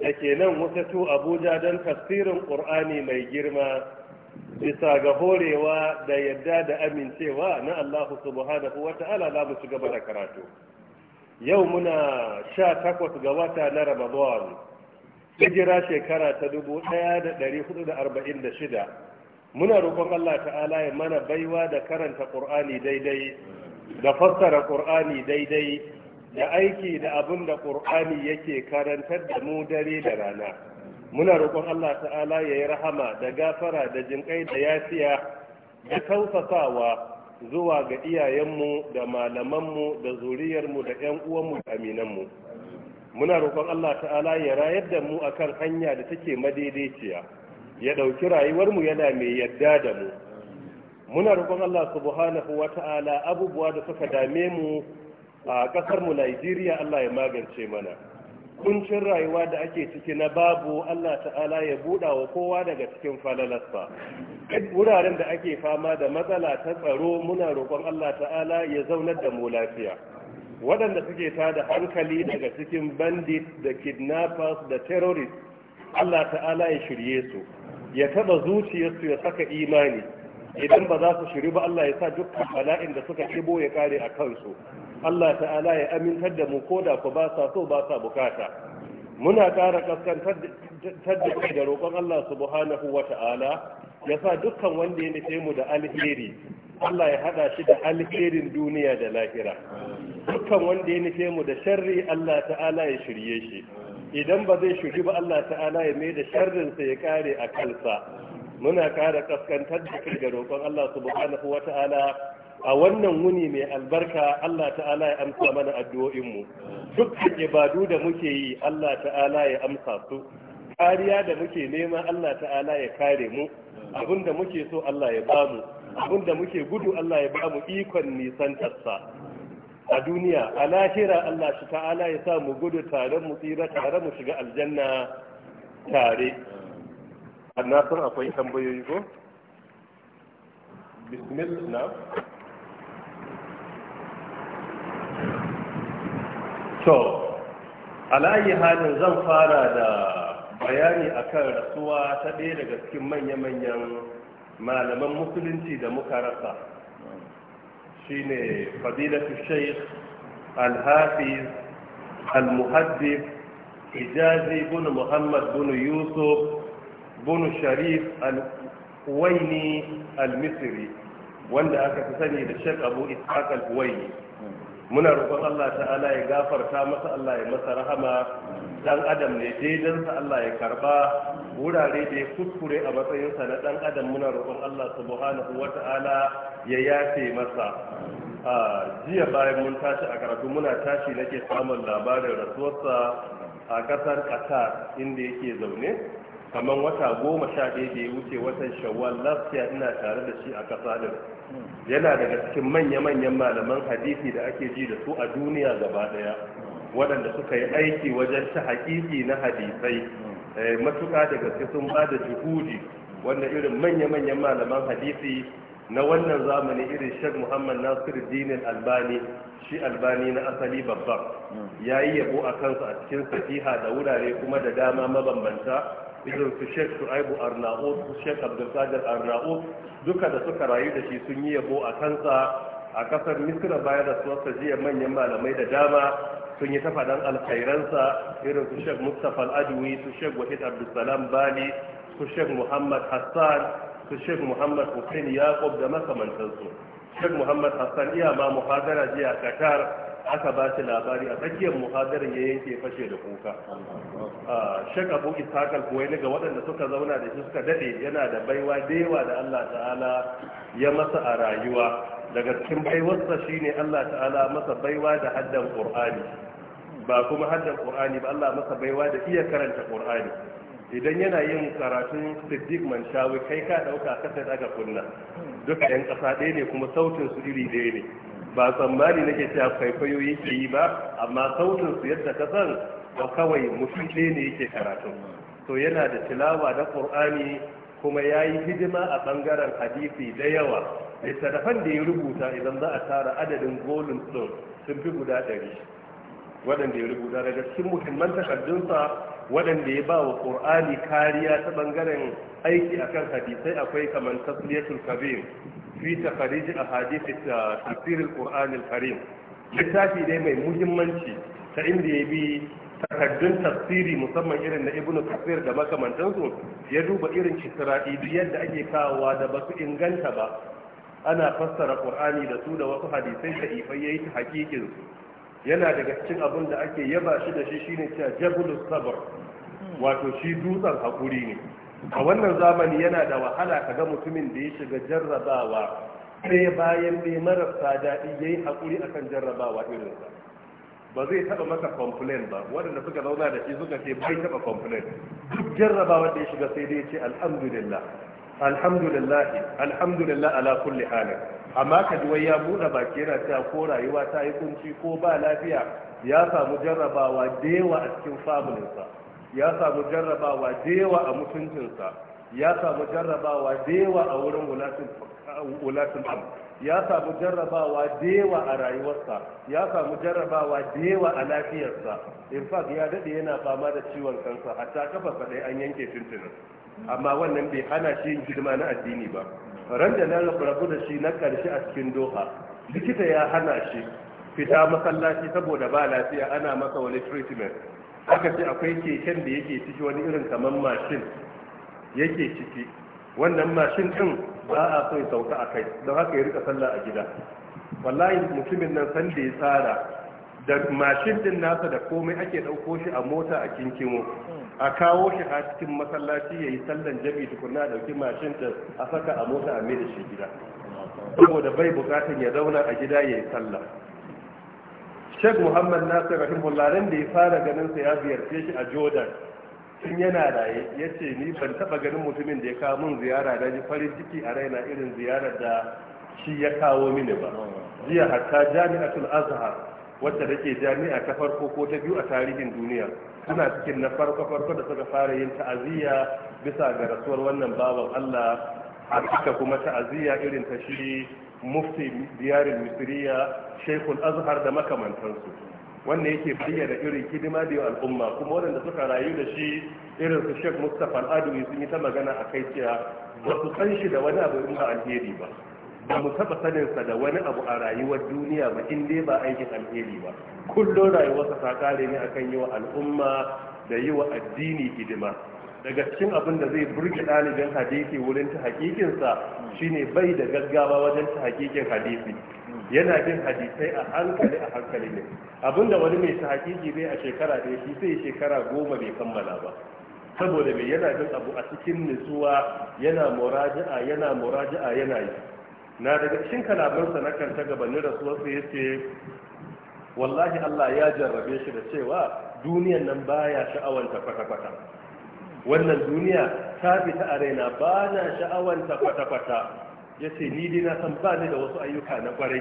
da ke nan wasatu abuja don tafsirin ƙur'ani mai girma bisa ga horewa da yadda da amincewa na allahu subhanahu wa ta'ala za mu shiga da karatu yau muna sha takwas ga wata na ramadan hijira shekara ta dubu ɗaya da ɗari hudu da arba'in da shida muna roƙon allah ta'ala ya mana baiwa da karanta ƙur'ani daidai da fassara ƙur'ani daidai da aiki da abin da ƙur'ani yake karantar da mu dare da rana muna roƙon Allah ta'ala ya yi rahama da gafara da jinƙai da yafiya da tausasawa zuwa ga iyayenmu da malamanmu da zuriyarmu da 'yan uwanmu da aminanmu muna roƙon Allah ta'ala ya rayar da mu akan hanya da take madaidaiciya ya ɗauki rayuwarmu yana mai yadda da mu muna roƙon Allah subhanahu wa ta'ala abubuwa da suka dame mu a kasar mu Najeriya Allah ya magance mana kuncin rayuwa da ake ciki na babu Allah ta'ala ya buɗa wa kowa daga cikin falalarsa wuraren da ake fama da matsala ta tsaro muna roƙon Allah ta'ala ya zaunar da mu lafiya waɗanda suke tada hankali daga cikin bandit da kidnappers da terrorists Allah ta'ala ya shirye su ya taɓa zuciyarsu ya saka imani idan ba za su shiri ba Allah ya sa dukkan bala'in da suka kibo ya kare a kansu Allah ta'ala ya amintar da mu ko da ku ba sa so ba sa bukata muna ƙara kaskantar da da roƙon Allah subhanahu wa ta'ala ya sa dukkan wanda ya nufe mu da alheri Allah ya hada shi da alherin duniya da lahira dukkan wanda ya nufe mu da sharri Allah ta'ala ya shirye shi idan ba zai shiru ba Allah ta'ala ya mai da sharrinsa ya kare a kansa muna kara kaskantar da kai da roƙon Allah subhanahu ta'ala. a wannan wuni mai albarka Allah ta'ala ya amsa mana addu'o'inmu duk ibadu da muke yi Allah ta'ala ya amsa su kariya da muke nema Allah ta'ala ya kare mu abinda muke so Allah ya bamu abinda muke gudu Allah ya bamu ikon nisan tassa a duniya a lahira Allah ta'ala ya sa mu gudu tare mu tsira tare mu shiga aljanna tare annasar akwai tambayoyi ko bismillah to alayi halin zan fara da bayani akan rasuwa ta ɗaya daga cikin manya-manyan malaman musulunci da muka rasa shine fadilatu shaykh al-hafiz al-muhaddith hijazi muhammad bin yusuf bunu sharif al-huwaini al-misri wanda aka fi sani da shek abu ishaq al-huwaini muna roƙon Allah ta'ala ya gafarta masa Allah ya masa rahama dan adam ne sa Allah ya karba wurare da ya kuskure a matsayinsa na dan adam muna roƙon Allah subhanahu ta'ala ya yafe masa a jiya bayan mun tashi a karatu muna tashi nake samun labarin rasuwarsa a ƙasar qatar inda yake zaune kamar wata goma sha ɗaya da ya wuce watan shawwal lafiya ina tare da shi a kasadin yana daga cikin manya-manyan malaman hadisi da ake ji da su a duniya gaba ɗaya waɗanda suka yi aiki wajen ta hakiki na hadisai eh, matuƙa daga gaske sun ba da juhudi wanda irin manya-manyan malaman hadisi na wannan zamani irin shek muhammad nasir dinin albani shi albani na asali babban hmm. ya yi yabo a kansa a cikin sahiha da wurare kuma da dama mabambanta irin su sheikh su'aibu arnaud su sheikh abdulkadir arnaud duka da suka rayu da shi sun yi yabo a kansa a kasar misira bayan da suwarsa jiya manyan malamai da dama sun yi ta faɗan alkhairansa irin su sheikh mustapha al'adwi su sheikh wahid abdulsalam bali su shek muhammad hassan su shek muhammad hussein yaqub da makamantansu shek muhammad hassan iya ma muhadara jiya qatar aka ba shi labari a tsakiyar muhadarin ya yanke fashe da kuka shak abu ishaq al-kuwaini ga waɗanda suka zauna da shi suka daɗe yana da baiwa da yawa da Allah ta'ala ya masa a rayuwa daga cikin baiwarsa shine Allah ta'ala masa baiwa da haddan qur'ani ba kuma haddan qur'ani ba Allah masa baiwa da iya karanta Kur'ani. idan yana yin karatun siddiq man kai ka dauka kasa daga kunna duka yan ƙasa ɗaya ne kuma sautin su iri ɗaya ne ba tsammani nake cewa kwaikwayo yake yi ba amma sautin su yadda ka san ba kawai mutum ne yake karatu to yana da tilawa da qur'ani kuma ya yi hidima a bangaren hadisi da yawa littattafan da ya rubuta idan za a tara adadin golin ɗin sun fi guda ɗari waɗanda ya rubuta daga cikin muhimman takardunsa waɗanda ya ba wa ƙur'ani kariya ta bangaren aiki akan hadisai akwai kamar tasliyatul kabir fi takharij ahadith tafsir al-Qur'an al-Karim littafi ne mai muhimmanci ta inda ya bi takaddun tafsiri musamman irin na Ibn Kathir da makamantansu ya duba irin Isra'iliyar yadda ake kawowa da basu inganta ba ana fassara Qur'ani da su da wasu hadisai da ifai yayi ta hakikin yana daga cikin abin da ake yaba shi da shi shine cewa jabulus sabr wato shi dutsen hakuri ne a wannan zamani yana da wahala ka ga mutumin da ya shiga jarrabawa sai bayan bai marasa daɗi ya yi haƙuri a kan jarrabawa irinsa ba zai taɓa maka complain ba waɗanda suka zauna da shi suka ce bai taɓa complain duk jarrabawa da ya shiga sai dai ce alhamdulillah alhamdulillah alhamdulillah ala kulli halin amma ka ya buɗe baki yana cewa ko rayuwa ta yi kunci ko ba lafiya ya samu jarrabawa da yawa a cikin famulinsa ya samu jarrabawa da a mutuncinsa ya samu jarrabawa da a wurin wulatin am ya samu jarrabawa da a rayuwarsa ya samu jarrabawa da a lafiyarsa in fact ya dade yana fama da ciwon kansa hatta kafa kadai an yanke tuntunan amma wannan bai hana shi yin hidima na addini ba ran da na rabu da shi na karshe a cikin doha likita ya hana shi fita masallaci saboda ba lafiya ana masa wani treatment aka ce akwai keken da yake ciki wani irin kamar mashin yake ciki wannan mashin din ba a so ya sauka a kai don haka ya rika sallah a gida wallahi mutumin nan san da ya tsara da mashin din nasa da komai ake ɗauko shi a mota a kinkimo a kawo shi a cikin masallaci ya yi sallan jabi tukunna a ɗauki mashin ta a saka a mota a mai da shi gida saboda bai bukatan ya zauna a gida ya yi sallah Sheikh Muhammad Nasir rahimullah ran da ya fara ganin sa ya ziyarce shi a Jordan tun yana raye ya ce ni ban taba ganin mutumin da ya kawo mun ziyara da ji farin ciki a raina irin ziyarar da shi ya kawo mini ba jiya hatta jami'atul azhar wadda take jami'a ta farko ko ta biyu a tarihin duniya suna cikin na farko farko da suka fara yin ta'aziyya bisa ga rasuwar wannan baban Allah a kuma ta'aziyya irin ta shi mufti diyarin misriya shekul azhar da makamantansu wannan yake bayyana irin hidima da al'umma kuma waɗanda suka rayu da shi irin su shek mustapha al'adawi sun yi ta magana a kai cewa ba su san shi da wani abu ba alheri ba ba mu taɓa saninsa da wani abu a rayuwar duniya ba in dai ba aikin alheri ba kullum rayuwarsa ta kare ne akan yi wa al'umma da yi wa addini hidima daga cikin abin da zai burge ɗalibin hadisi wurin ta hakikinsa shine bai da gaggawa wajen ta hakikin hadisi yana bin hadisai a hankali a hankali ne Abin da wani mai ta hakiki bai a shekara ɗaya shi sai shekara goma bai kammala ba saboda mai yana bin abu a cikin nutsuwa yana muraji'a, yana muraji'a, yana yi na daga cikin kalamansa na kanta gabanin rasuwar ya ce wallahi Allah ya jarrabe shi da cewa duniyan nan baya sha'awanta kwata-kwata wannan duniya ta fita a raina ba na sha'awanta kwata-kwata ya ce ni dai na san ba ni da wasu ayyuka na kwarai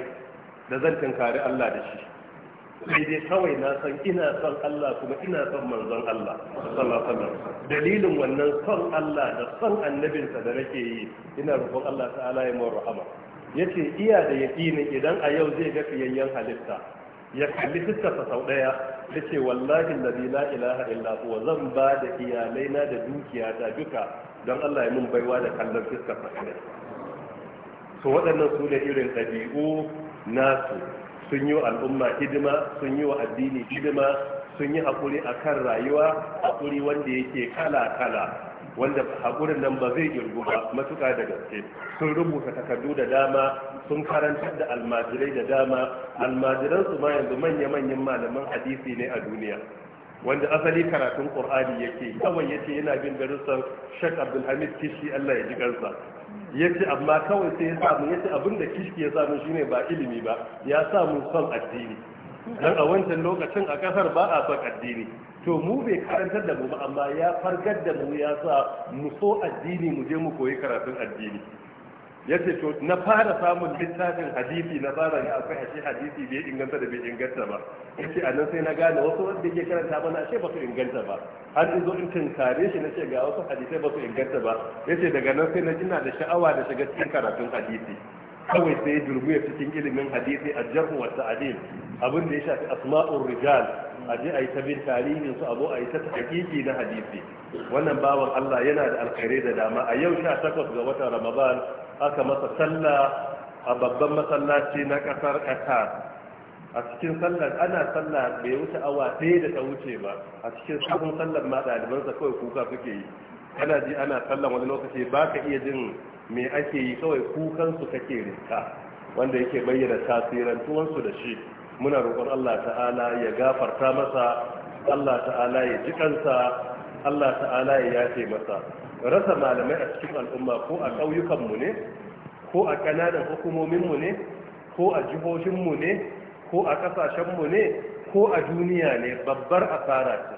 da zan tunkari Allah da shi sai dai kawai na san ina son Allah kuma ina son manzon Allah dalilin wannan son Allah da son annabinsa da nake yi ina roƙon Allah ta'ala ya mu rahama yace iya da yaqini idan a yau zai ga fiyayyen halitta ya kalli fitarsa sau ɗaya. ce, wallahi alladhi la ilaha illa huwa zan ba da iyalaina da ta duka don Allah ya mun baiwa da kallon fiskar fasira to waɗannan su ne irin ɗabi'u nasu sun yi wa al'umma hidima sun yi wa addini hidima sun yi haƙuri a kan rayuwa haƙuri wanda yake kala-kala wanda haƙurin nan ba zai girgu ba matuƙa da gaske sun rubuta takardu da dama sun karantar da almajirai da dama almajiransu ma yanzu manya-manyan malaman hadisi ne a duniya wanda asali karatun qur'ani yake kawai yace yana bin darussan shak Abdul Hamid Kishi Allah ya ji kansa yace amma kawai sai ya samu yace abinda Kishi ya samu shine ba ilimi ba ya samu san addini dan a wancan lokacin a kasar ba a son addini to mu bai karantar da mu ba amma ya fargar da mu ya sa mu so addini mu je mu koyi karatun addini yadda to na fara samun littafin hadisi na fara ya akwai ashe hadisi bai inganta da bai inganta ba yace a nan sai na gane wasu wanda ke karanta na ashe ba su inganta ba har in zo in tunkare shi na ce ga wasu hadisai ba su inganta ba yace daga nan sai na jina da sha'awa da shiga cikin karatun hadisi kawai sai durbuya cikin ilimin hadisi a jarhu wa ta'adil abin da ya shafi asma'ur rijal a je a yi ta tarihin su abu a yi ta hakiki na hadisi wannan bawan Allah yana da alkhairai da dama a yau 18 ga watan Ramadan aka masa sallah a babban masallaci na kasar qatar a cikin sallar ana sallah bai wuce awa ɗaya da ta wuce ba a cikin sabon sallar ma ɗalibansa kawai kuka suke yi kana ji ana sallar wani lokaci ba ka iya jin me ake yi kawai kukansu kake rinka wanda yake bayyana tasirin tuwansu da shi muna roƙon Allah ta'ala ya gafarta masa Allah ta'ala ya ji kansa Allah ta'ala ya yafe masa rasa malamai a cikin al'umma ko a ƙauyukanmu ne ko a ƙananan hukumominmu ne ko a jihohinmu ne ko a ƙasashenmu ne ko a duniya ne babbar asara ce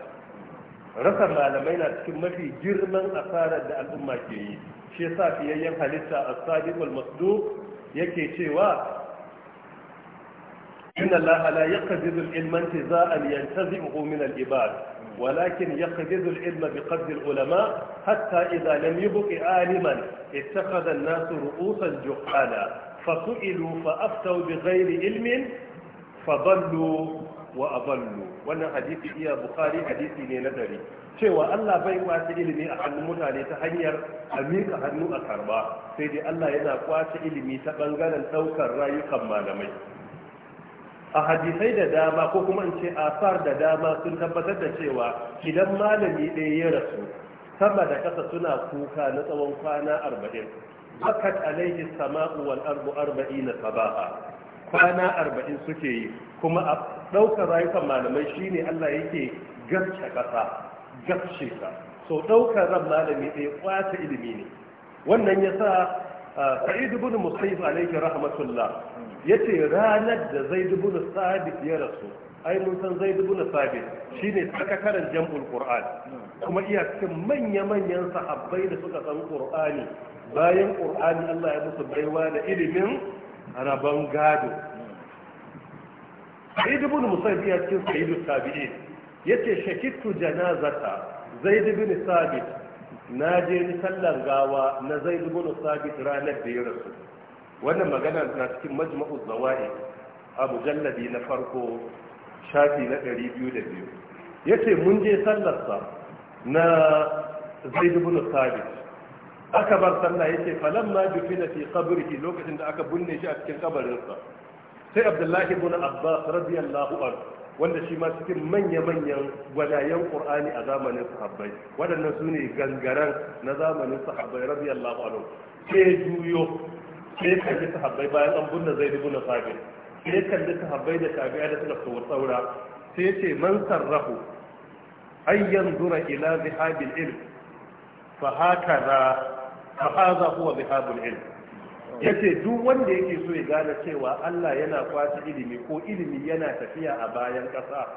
rasa malamai na cikin mafi girman asarar da al'umma ke yi shi yasa fiyayyen halitta a sadiqul masdu yake cewa inna allaha la yaqdiru za a intiza'an yantazi'uhu min al-ibad ولكن يقبض العلم بقدر العلماء حتى إذا لم يبق عالما اتخذ الناس رؤوسا جهالا فسئلوا فأفتوا بغير علم فضلوا وأضلوا وانا حديث إيا بخاري حديث إني نظري cewa Allah bai kwace ilimi a hannun mutane ta hanyar a miƙa hannu a karba sai dai Allah yana kwace ilimi ta ɓangaren ɗaukar rayukan malamai a hadisai da dama ko kuma in ce asar da dama sun tabbatar da cewa idan malami ɗaya ya rasu sama da ƙasa suna kuka na tsawon kwana arba'in bakat alaihi sama'u wal arba'i na sabaha kwana arba'in suke yi kuma a ɗaukar rayukan malamai shine Allah yake gabce ƙasa gabce ka so ɗaukar ran malami ɗaya ƙwata ilimi ne wannan ya sa sa'id ibn musayyib alayhi rahmatullah yace ranar da zaid ibn sabit ya rasu ai mun san zaid ibn sabit shine sakataren jambul qur'an kuma iya cikin manya-manyan sahabbai da suka san qur'ani bayan qur'ani Allah ya musu baiwa da ilimin rabon gado sa'id ibn musayyib ya cikin sayyidus ya yace shakittu janazata zaid ibn sabit na je ni sallar gawa na zai na sabi ranar da ya rasu wannan magana na cikin majma'u zawai a mujalladi na farko shafi na 202 ce mun je sallarsa na zai na sabi aka bar sallah yace jufi na fi qabrihi lokacin da aka binne shi a cikin ƙabarinsa. sai abdullahi ibn abbas radiyallahu anhu wanda shi ma cikin manya-manyan gwadayen ƙur'ani a zamanin sahabbai waɗannan su ne gangaran na zamanin sahabbai radiyallahu anhu sai juyo sai kalli sahabbai bayan an bunna zai dubu na sabin sai kalli sahabbai da tabi'a da suka kawo saura sai ce man sarrafu an yanzura ila zihabil ilm fa hakaza fa hadha huwa zihabul ilm Ya ce duk wanda yake so ya gane cewa Allah yana kwaci ilimi ko ilimi yana tafiya a bayan ƙasa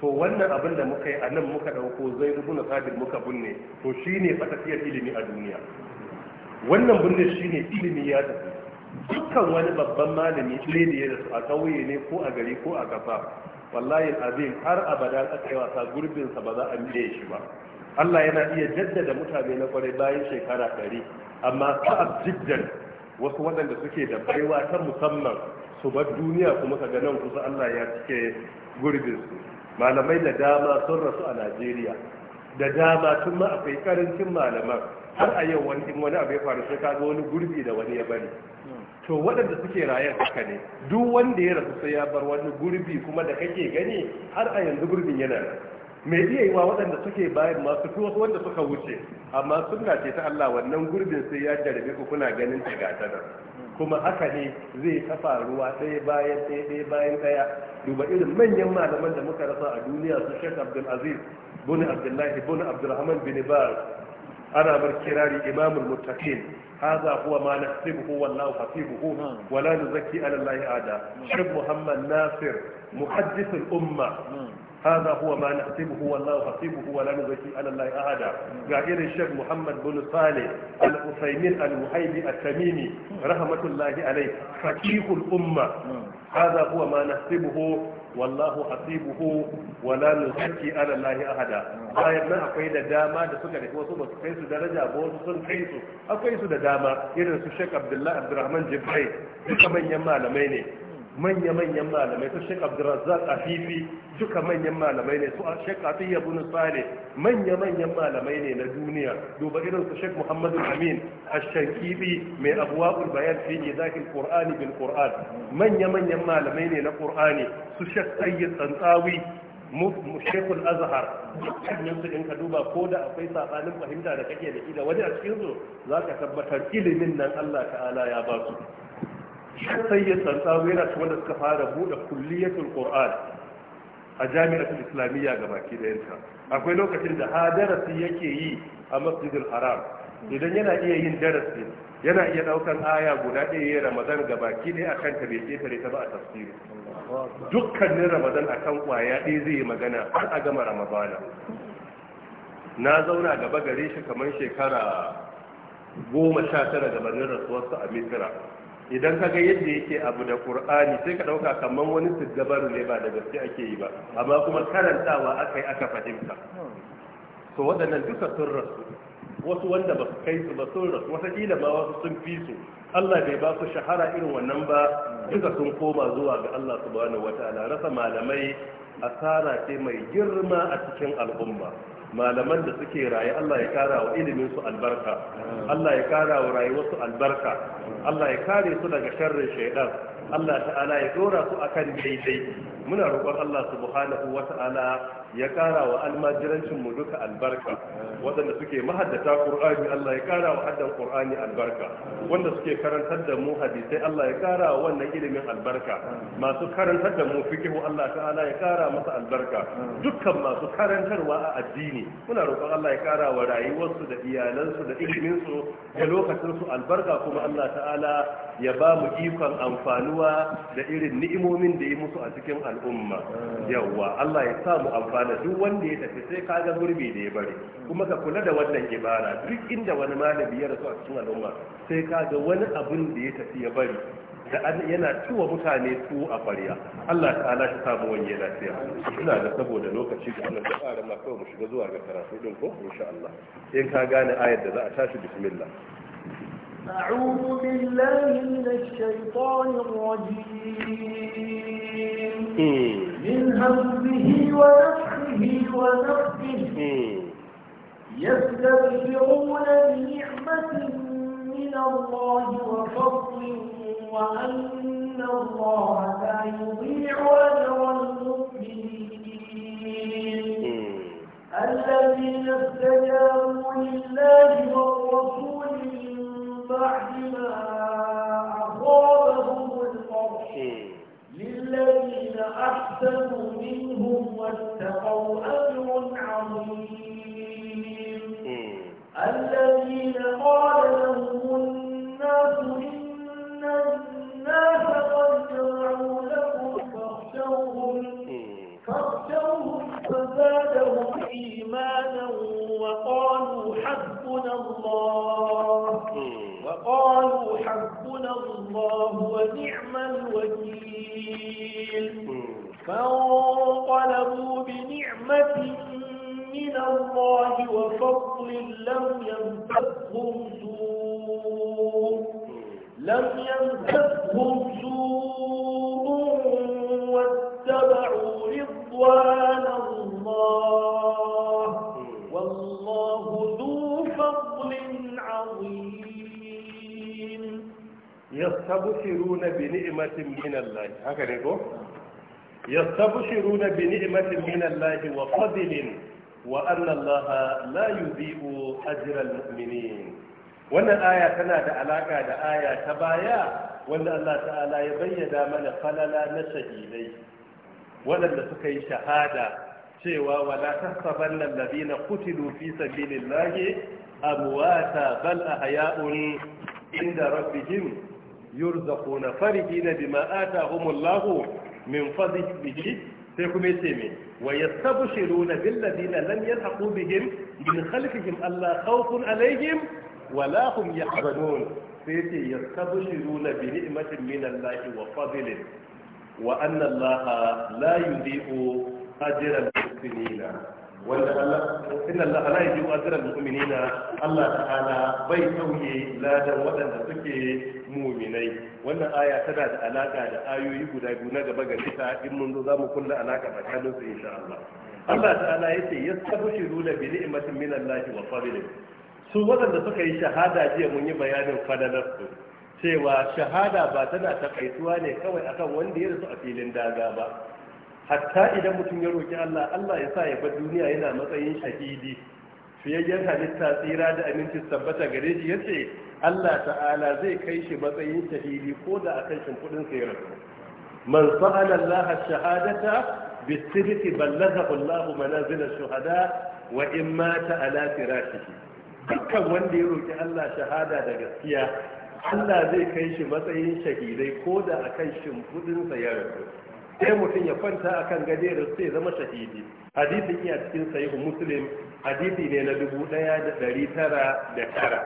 to wannan abin da muka yi a nan muka ɗauko zai rubuna sabin muka binne to shine ne ilimi a duniya wannan binne shine ilimi ya tafi dukkan wani babban malami ɗaya da ya rasu a kauye ne ko a gari ko a kafa wallahi azim har abada aka yi wasa gurbinsa ba za a miye shi ba Allah yana iya jaddada mutane na kwarai bayan shekara ɗari amma sa'ab jiddan wasu waɗanda suke da baiwa ta musamman su bar duniya kuma ka nan kusa Allah ya cike gurbin su malamai da dama sun rasu a Najeriya da dama tun ma akwai karancin malaman har a yau wani in wani abu ya faru sai kaga wani gurbi da wani ya bari to waɗanda suke rayan haka ne duk wanda ya rasu sai ya bar wani gurbi kuma da kake gani har a yanzu gurbin yana nan mai iya yi wa waɗanda suke bayan masu fi wasu wanda suka wuce amma suna ce ta Allah wannan gurbin sai ya jarabe ku kuna ganin ta gata nan kuma haka ne zai kafa ruwa ɗaya bayan ɗaya ɗaya bayan ɗaya duba irin manyan malaman da muka rasa a duniya su Sheikh Abdul Aziz bin Abdullahi bin Abdulrahman bin Baz ana bar kirari imamul muttaqin هذا هو ما نكتبه والله حسيبه ولا نزكي على الله أعداء شيخ محمد ناصر هذا هو ما نحسبه والله حسيبه ولا نزكي على الله أحدا غير الشيخ محمد بن صالح الأثيمين المهيبي التميمي رحمة الله عليه فقيه الأمة هذا هو ما نحسبه wallahu hasibuhu wala nuzaki ala allahi ahada bayan nan akwai da dama da suka da wasu ba su kai su daraja ba wasu sun kai su akwai su da dama irin su Sheikh Abdullahi Abdurrahman Jibril duka manyan malamai ne manya-manyan malamai su shek abdurrazzak afifi duka manyan malamai ne su shek atiyya bin sale manya-manyan malamai ne na duniya duba irin su shek muhammadu amin ashankibi mai abuwa'ul bayan fi izakin qur'ani bin qur'an manya-manyan malamai ne na qur'ani su shek sayyid tsantsawi shekul azhar dukkanin su in ka duba ko da akwai sabanin fahimta da kake da ita wani a cikin su zaka tabbatar ilimin nan Allah ta'ala ya ba su ya sansawi yana cikin wanda suka fara buɗe kulliyatul qur'an a jami'atul islamiyya ga baki da yanta akwai lokacin da ha darasi yake yi a masjidul haram idan yana iya yin darasi yana iya daukan aya guda ɗaya ya ramadan ga baki ne a ta bai ce ta ba a tafsiri dukkanin ramadan akan kan ɗaya zai yi magana har a gama ramadana na zauna gaba gare shi kamar shekara goma sha tara gabanin rasuwarsa a misira idan ka ga yadda yake abu da qur'ani sai ka dauka kamar wani tsigabaru ne ba da gaske ake yi ba amma kuma karantawa akai aka fahimta to waɗannan duka sun rasu wasu wanda ba su kai su ba sun rasu wataƙila ma wasu sun fi su Allah bai ba su shahara irin wannan ba duka sun koma zuwa ga Allah subhanahu wataala rasa malamai asara ce mai girma a cikin al'umma malaman da suke raye Allah ya kara wa ilimin su albarka Allah ya kara wa rayuwar su albarka Allah ya kare su daga sharrin shaidan Allah ta'ala ya dora su akan daidai muna roƙon Allah subhanahu ta'ala. ya kara wa almajirancin mu duka albarka waɗanda suke mahaddata qur'ani Allah ya kara wa haddan qur'ani albarka wanda suke karantar da mu hadisai Allah ya kara wa wannan ilimin albarka masu karantar da mu fiqhu Allah ta'ala ya kara masa albarka dukkan masu karantarwa a addini muna roƙon Allah ya kara wa rayuwarsu da iyalansu da ilimin su da lokacin su albarka kuma Allah ta'ala ya ba mu ikon amfanuwa da irin ni'imomin da ya musu a cikin al'umma yawwa Allah ya sa mu amfani amfana duk wanda ya tafi sai ka ga gurbi da ya bari kuma ka kula da wannan ibara duk inda wani malami ya rasu a cikin al'umma sai ka ga wani abin da ya tafi ya bari da yana ciwa mutane su a farya Allah ta ala shi samu wani lafiya ina da saboda lokaci da wannan da ma kawai mu shiga zuwa ga karatu din ko insha Allah in ka gane ayar da za a tashi bismillah أعوذ بالله من الشيطان الرجيم من همزه ونفخه وجهه ونفسه يستبشرون بنعمة من الله وفضل وأن الله لا يضيع أجر المؤمنين الذين استجابوا لله والرسول من بعد ما أصابهم القرح للذين أحسنوا منهم واتقوا أجر عظيم الذين قال لهم الناس إن الناس قد جمعوا لكم فاخشوهم فاخشوهم فزادهم إيمانا وقالوا حسبنا الله وقالوا حسبنا الله ونعم الوكيل فانقلبوا رحمة من الله وفضل لم يمتدهم سوء لم يمتدهم سوء واتبعوا رضوان الله والله ذو فضل عظيم يستبشرون بنعمة من الله هكذا يستبشرون بنعمة من الله وفضل وأن الله لا يضيء أجر المؤمنين wannan aya tana da alaka da aya ta baya wanda Allah ta'ala ya bayyana mana falala na shahidai waɗanda suka yi shahada cewa wala tahsabanna alladhina qutilu fi sabilillahi amwata bal ahya'un inda rabbihim yurzaquna farihina bima atahumullahu min fadhihi sai kuma yace me wa yastabshiruna bil ladina lam yalhaqu bihim min khalfihim alla khawfun alaihim wa la hum yahzanun sai yace yastabshiruna bi ni'matin min allahi wa fadlin wa anna allaha la yudhi'u ajra al-muhsinina wanda Allah inna Allah la ajra al-mu'minina Allah ta'ala bai tauye ladan waɗanda suke mu'minai wannan aya tana da alaka da ayoyi guda biyu na gaba ga ta in mun zo zamu kulla alaka tsakanin su insha Allah Allah ta'ala yace yastabshiru la bi ni'matin min Allah wa fadlin su waɗanda suka yi shahada jiya mun yi bayanin fadalar su cewa shahada ba tana takaituwa ne kawai akan wanda ya rasu a filin daga ba hatta idan mutum ya roki Allah Allah ya sa ya bar duniya yana matsayin shahidi fiyayyen halitta tsira da aminci tabbata gare shi yace Allah ta'ala zai kai shi matsayin shahidi ko da akan shimfiɗin sa ya rasu man sa'ala Allah shahadata bisirri ballaghahu Allah manazil ash-shuhada wa in mata ala firashihi dukkan wanda ya roki Allah shahada da gaskiya Allah zai kai shi matsayin shahidai ko da akan shimfiɗin sa ya rasu sai mutum ya kwanta a akan gajerar sai zama shahidi hadisin iya cikin sahihu muslim hadithi ne na dubu ɗaya da ɗari tara da tara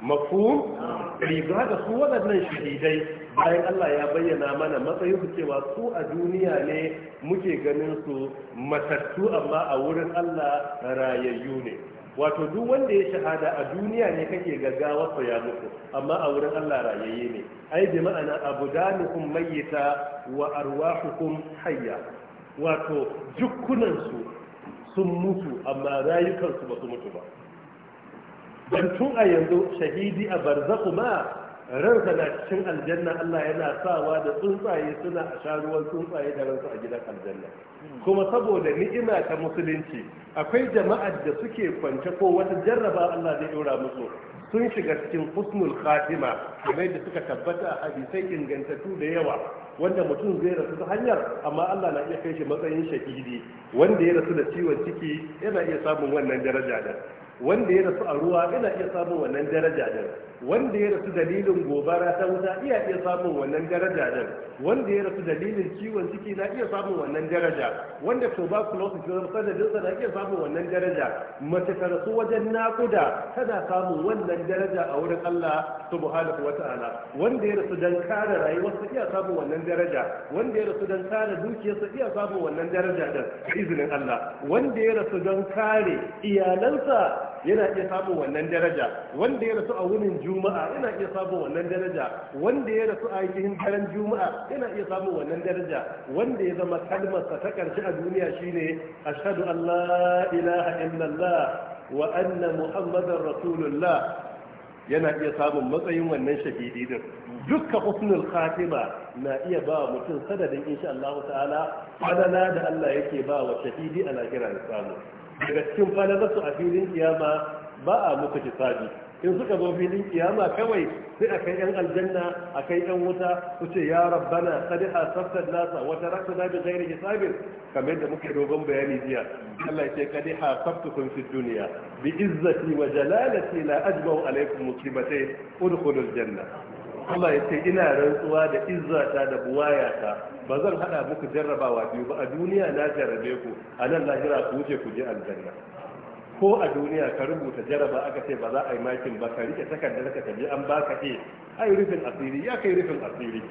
mafu riga da su waɗannan shahidai bayan Allah ya bayyana mana matsayin su cewa su a duniya ne muke ganin su matattu amma a wurin Allah rayayyu ne wato duk wanda ya shahada a duniya ne kake gaggawa ya mutu amma a wurin Allah rayayye ne ai bi ma'ana abudanukum mayyita wa arwahukum hayya wato jukkunan su sun mutu amma rayukan su ba su mutu ba dan tun a yanzu shahidi a barzakhu ma ransa na cikin aljanna Allah yana sawa da tsuntsaye suna a sha ruwan tsuntsaye da ransu a gidan aljanna kuma saboda ni'ima ta musulunci akwai jama'a da suke kwance ko wata jarraba Allah zai dora musu sun shiga cikin husnul khatima kamar da suka tabbata a hadisai ingantattu da yawa wanda mutum zai rasu ta hanyar amma Allah na iya kai shi matsayin shahidi wanda ya rasu da ciwon ciki yana iya samun wannan daraja da wanda ya rasu a ruwa ina iya samun wannan daraja din wanda ya rasu dalilin gobara ta wuta iya iya samun wannan daraja din wanda ya rasu dalilin ciwon ciki na iya samun wannan daraja wanda tuberculosis na sanadin sa na iya samun wannan daraja mace ta rasu wajen nakuda tana samun wannan daraja a wurin Allah subhanahu wataala wanda ya rasu dan kare rayuwarsa iya samun wannan daraja wanda ya rasu dan kare dukiyarsa iya samun wannan daraja din izinin Allah wanda ya rasu dan kare iyalansa yana iya samun wannan daraja wanda ya rasu a wunin juma'a yana iya samun wannan daraja wanda ya rasu a ainihin daren juma'a yana iya samun wannan daraja wanda ya zama kalmarsa ta karshe a duniya shine ashhadu an la ilaha illallah wa anna muhammadar rasulullah yana iya samun matsayin wannan shahidi din dukkan husnul khatima na iya ba wa mutum sadadin insha Allah ta'ala fadala da Allah yake ba wa shahidi a lahira da samu daga cikin falalarsu a filin kiyama ba a musu hisabi in suka zo filin kiyama kawai sai a kai yan aljanna a kai yan wuta su ce ya rabbana qad hasabta nasa wa tarakna bi ghairi hisabin kamar da muke dogon bayani jiya Allah ya ce qad hasabtukum fid dunya bi izzati wa jalalati la ajma'u alaykum musibatayn udkhulul janna Allah ya ce ina rantsuwa da izzata da buwayata ba zan hada muku jarrabawa biyu ba a duniya na jarrabe ku a nan lahira ku wuce ku je aljanna ko a duniya ka rubuta jaraba aka ce ba za a yi makin ba ka rike takardar ka tabi an baka e eh, ai rufin asiri ya kai rufin asiri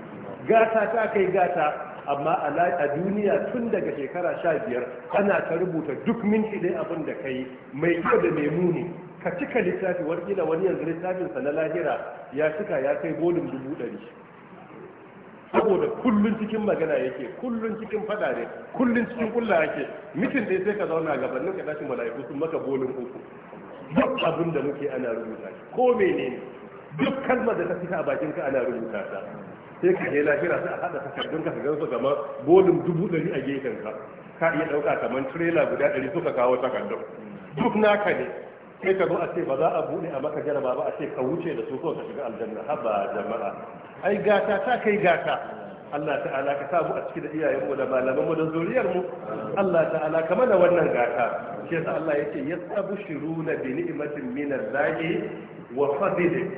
gata ta kai gata amma a duniya tun daga shekara sha biyar ana ta rubuta duk minti dai abin da kai mai kyau da mai muni ka cika littafi warkila wani yanzu littafinsa na lahira ya cika ya kai bolin dubu ɗari saboda kullun cikin magana yake kullun cikin fada ne kullun cikin kulla yake mitin dai sai ka zauna gabanin ka tashi mala'iku sun maka bolin uku duk abin da muke ana rubuta shi ko menene duk kalmar da ta fita a bakin ka ana rubuta ta sai ka je lahira sai a hada takardun ka ga su kamar bolin dubu ɗari a gefen ka ka iya ɗauka kamar tirela guda ɗari suka kawo takardun duk naka ne sai ka zo a ce ba za a bude a maka jaraba ba a ce ka wuce da su ko ka shiga aljanna haba jama'a ai gata ta kai gata Allah ta'ala ka samu a ciki da iyayen mu da malaman mu da zuriyar mu Allah ta'ala ka mana wannan gata shi yasa Allah yake yastabshiruna bi ni'matin min al-zaji wa fadli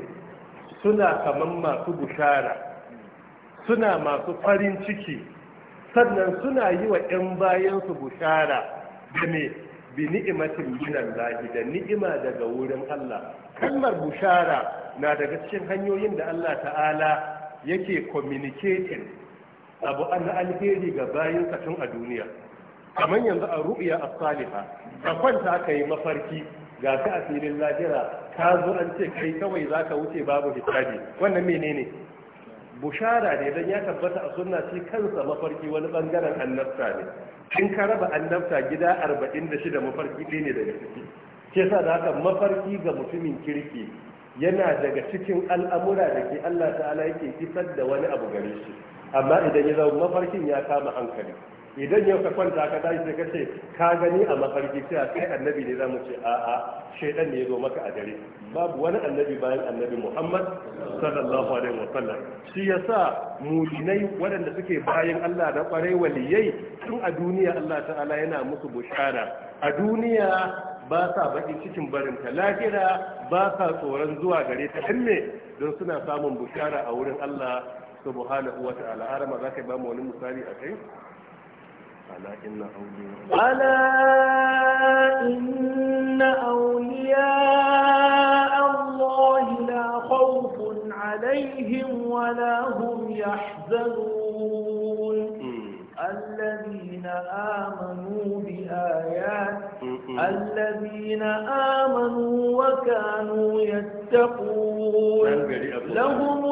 suna kaman masu bushara suna masu farin ciki sannan suna yi wa 'yan bayansu bushara da bi ni'imatin minan lahi da ni'ima daga wurin Allah kalmar bushara na daga cikin hanyoyin da Allah ta'ala yake communicating abu an alheri ga bayin tun a duniya kamar yanzu a ru'ya a saliha ka kwanta yi mafarki ga ka a filin lahira ka zo an ce kai kawai zaka wuce babu hisabi wannan menene bushara ne don ya tabbata a suna ce kansa mafarki wani bangaren annabta ne in ka raba annabta gida 46 mafarki ɗaya ne daga ciki ke sa da haka mafarki ga mutumin kirki yana daga cikin al'amura da ke Allah ta'ala yake isar da wani abu gare shi amma idan ya zama mafarkin ya kama hankali idan yau ka kwanta ka tashi sai ka ce ka gani a mafarki sai a kai annabi ne za mu ce a'a shaidan ne ya zo maka a gare, babu wani annabi bayan annabi muhammad sallallahu alaihi wa sallam, shi yasa mulinai waɗanda suke bayan allah da kwarai waliyai tun a duniya allah ta'ala yana musu bushara a duniya ba sa baki cikin barinta lahira ba sa tsoron zuwa gare ta ne, don suna samun bushara a wurin allah subhanahu wa ta'ala har ma za ka ba mu wani misali a kai ألا إن أولياء الله لا خوف عليهم ولا هم يحزنون الذين آمنوا بآيات الذين آمنوا وكانوا يتقون لهم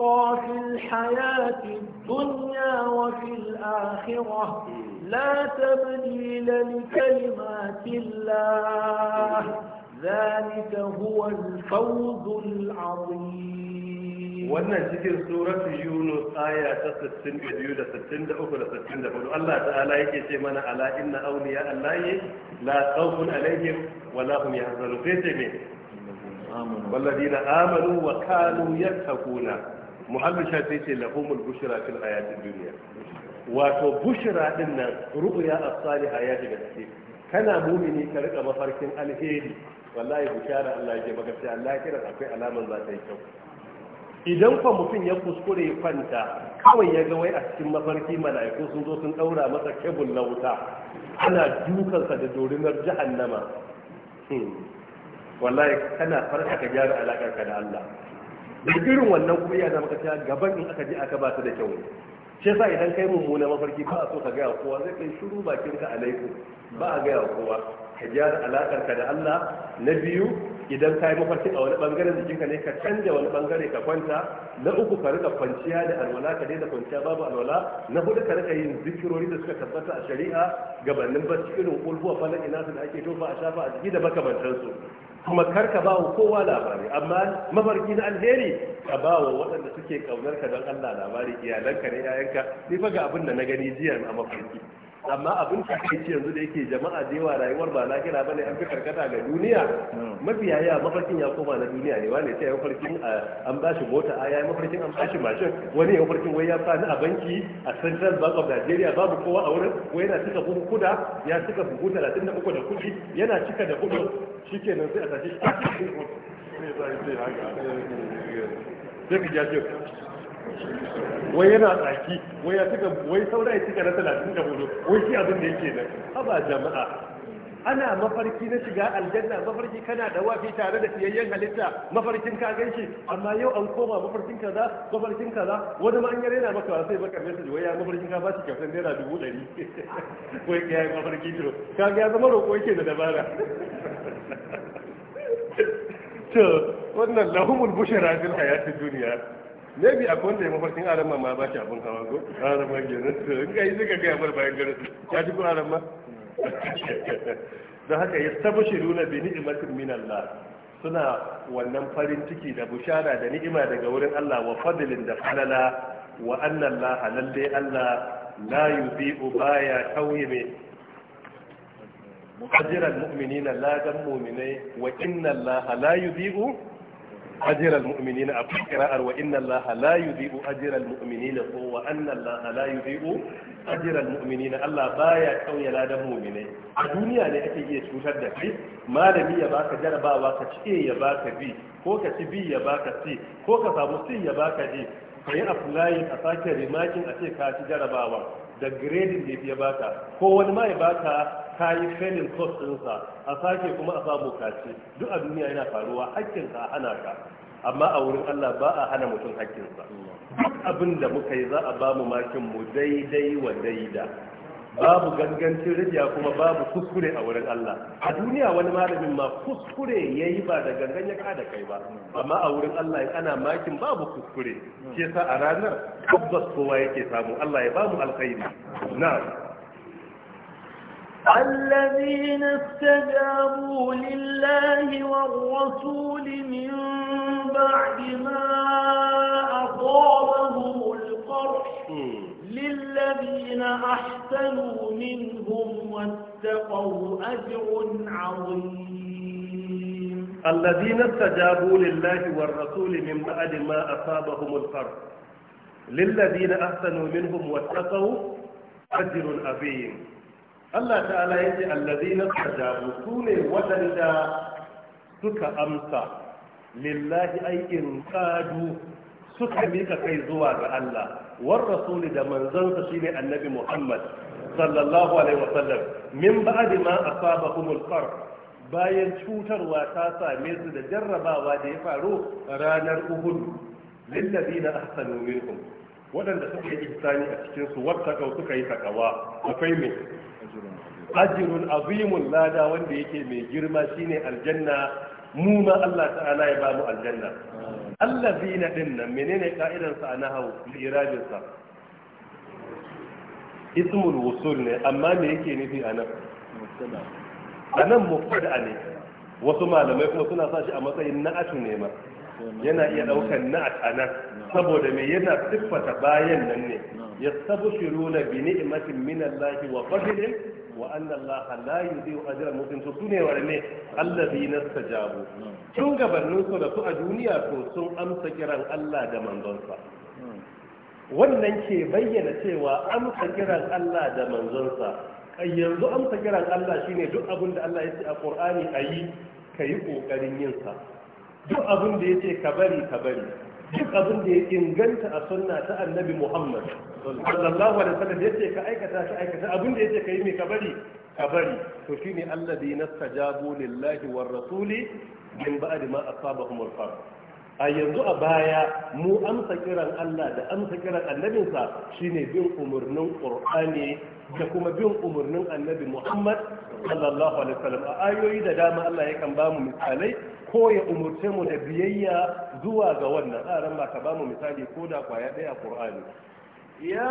يبقى في الحياة الدنيا وفي الآخرة لا تبديل لكلمات الله ذلك هو الفوز العظيم wannan cikin suratu yunus aya ta 62 da 63 da 64 Allah ta'ala yake ce mana ala inna awliya allahi la khawfun alaihim wa la hum yahzanun sai ce me والذين آمنوا وكانوا يتقون muhammad shafi ce lahumul bushra fil hayatid dunya wato bushra din nan ru'ya as-saliha ya shiga ciki kana mumini ka rika mafarkin alheri wallahi bushara Allah ya maka sai Allah kira akwai alaman za ta yi kyau idan fa mutum ya kuskure ya kwanta kawai ya ga wai a cikin mafarki mala'iku sun zo sun daura masa kebul na wuta ana dukansa da dorinar jahannama hmm. wallahi kana farka ka gyara alakar ka da Allah da irin wannan kuma ya zama kaciya gaban in aka je aka ba ta da kyau shi sa idan kai mummuna mafarki ba a so ka gaya kowa zai kai shiru bakin ka alaiku ba a gaya kowa ka gyara alakar ka da Allah na biyu idan ka mafarki a wani bangaren jikinka ne ka canja wani bangare ka kwanta na uku ka rika kwanciya da alwala ka daina kwanciya babu alwala na hudu ka rika yin zikirori da suka tabbata a shari'a gabanin barci irin kulhuwa falon ina da ake tofa a shafa a jiki da makamantansu kuma karka ba wa kowa labari amma mafarki na alheri ka ba wa waɗanda suke ƙaunar ka don Allah labari iyalanka ne yayanka ni fa ga abin da na gani jiya a mafarki amma abin da ake ci yanzu da yake jama'a da yawa rayuwar ba lafiya bane an fi karkata ga duniya mafi yaya mafarkin ya koma na duniya ne wani sai ya mafarkin an bashi mota a yayi mafarkin an bashi mashin wani ya mafarkin wai ya fani a banki a central bank of nigeria babu kowa a wurin wai yana cika kuda ya cika buhu 33 da kuɗi yana cika da kuɗi shi ke nan sai a tashi wai yana tsaki wai ya tuka saura ya tuka na talatin da hudu wai shi abin da yake nan haba jama'a ana mafarki na shiga aljanna mafarki kana da wafi tare da fiyayyen halitta mafarkin ka shi amma yau an koma mafarkin kaza mafarkin kaza wani ma an yare na maka sai baka mai su waya mafarkin ka ba shi kyautar naira dubu ɗari ko ya yi mafarki to ka ga ya zama roƙo yake da dabara to wannan lahumul bushara fil hayatid duniya maybe bi wanda ya mafarkin aran ma ba shi abun hawa ko aran ma kenan to in ka yi sai ka ga ya bar bayan garin ya ji ko aran ma don haka ya shi nuna bi ni'imatin min Allah suna wannan farin ciki da bushara da ni'ima daga wurin Allah wa fadlin da falala wa anna Allah lalle Allah la yudhi'u baya tawyibi ajral mu'minina la dan mu'minai wa inna Allah la yudhi'u ajral mu'minina a qira'ar wa inna Allah la yudhi'u ajral mu'minina ko wa anna Allah la yudhi'u ajiran mu'mini na Allah baya kauyala ladan mu'minai a duniya ne ake iya cutar da kai malami ya baka jarabawa ka ci A ya baka B ko ka ci B ya baka C ko ka samu C ya baka D ka yi applying a sake rimakin a ce ka ci jarabawa da grading da ya baka ko wani ma ya baka ka yi failing course ɗinsa a sake kuma a samu kaci duk a duniya yana faruwa ka a hana ka amma a wurin Allah ba a hana mutum hakkinsa abin da muka yi za a ba mu makin mu daidai wa daida babu gangancin rijiya kuma babu kuskure a wurin Allah a duniya wani malamin ma kuskure ya yi ba da gangan ya da kai ba amma a wurin Allah ana makin babu kuskure shi yasa a ranar tabbas kowa yake samu Allah ya ba mu alkhairi na'am الذين استجابوا لله والرسول من بعد ما أصابهم القرح للذين أحسنوا منهم واتقوا أجر عظيم الذين استجابوا لله والرسول من بعد ما أصابهم القرح للذين أحسنوا منهم واتقوا أجر عظيم Allah ta'ala ya ce allazina tajabu su ne waɗanda suka amsa lillahi aikin kadu suka mika kai zuwa ga Allah war rasuli da manzansa shine annabi Muhammad sallallahu alaihi wasallam min ba'di ma asabahumul qar bayan cutarwa ta same su da jarrabawa da ya faru ranar Uhud lillazina ahsanu minkum waɗanda suka yi ihsani a cikin su wata suka yi takawa akwai me ajirun azimun lada wanda yake mai girma shine aljanna mu ma Allah ta'ala ya ba mu aljanna allazina din nan menene ka'idar sa na hawo irabin sa ismul wusul ne amma me yake nufi anan anan mubtada ne wasu malamai kuma suna sa shi a matsayin na'atu ne ma yana iya daukan na a nan saboda me yana siffata bayan nan ne na bi ni'matin min Allah wa fadlin wa anna Allah la yudhi'u ajra mu'min to sune wa ne alladhina istajabu tun gabanin su da su a duniya to sun amsa kiran Allah da manzonsa wannan ke bayyana cewa amsa kiran Allah da manzonsa yanzu amsa kiran Allah shine duk abin da Allah ya ce a Qur'ani ayi kayi kokarin yin sa duk abin da ya ce ka bari ka bari duk abin da ya inganta a sunna ta annabi muhammad sallallahu alaihi wasallam ya ce ka aikata ka aikata abin da ya ce ka yi mai ka bari ka bari to shine alladhi nastajabu lillahi war rasuli min ba'di ma asabahum al-qarh a yanzu a baya mu amsa kiran Allah da amsa kiran annabinsa shine bin umarnin Qur'ani da kuma bin umarnin annabi Muhammad sallallahu alaihi wasallam a ayoyi da dama Allah yakan ba mu misalai ko ya umurce mu da biyayya zuwa ga wannan tsarin ba ta ba misali ko da kwaya ɗaya ƙur'ani ya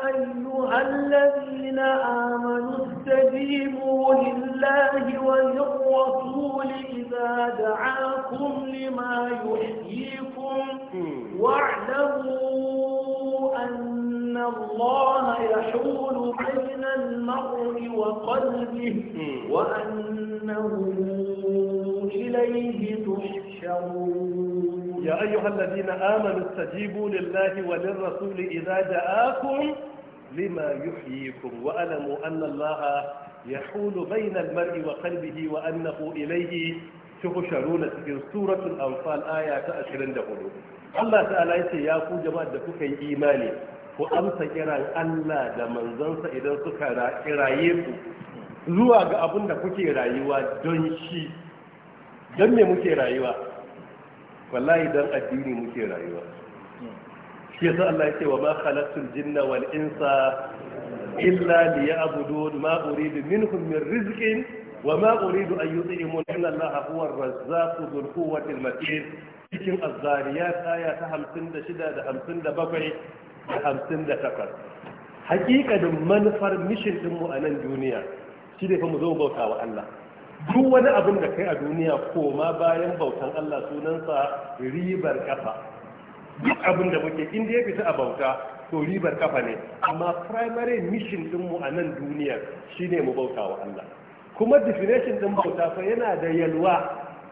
ayyu allazina amanu tajibu lillahi wa yaqwatul idza da'akum lima yuhyikum hmm. wa'lamu أن الله يحول بين المرء وقلبه وأنه إليه تحشرون يا أيها الذين آمنوا استجيبوا لله وللرسول إذا دعاكم لما يحييكم وألموا أن الله يحول بين المرء وقلبه وأنه إليه sharuna cikin suratul anfal aya ta 24 Allah ta'ala yace ya ku jama'a da kuka yi imani ku amsa kiran Allah da manzansa idan suka raye ku zuwa ga abin da kuke rayuwa don shi don me muke rayuwa wallahi don addini muke rayuwa shi yasa Allah yace wa ma khalaqtul jinna wal insa illa liya'budun ma uridu minhum min rizqin وما أريد أن يطعمون إن الله هو الرزاق ذو القوة المتين cikin azzariyat aya ta hamsin da shida da hamsin da bakwai da hamsin da takwas hakikalin manufar mishin ɗinmu a nan duniya shi ne fa mu zo bauta Allah duk wani abin da kai a duniya koma bayan bautan Allah sunansa ribar kafa duk abin da muke inda ya fita a bauta to ribar kafa ne amma primary mission ɗinmu a nan duniya shine mu bauta wa Allah kuma definition din bauta fa yana da yalwa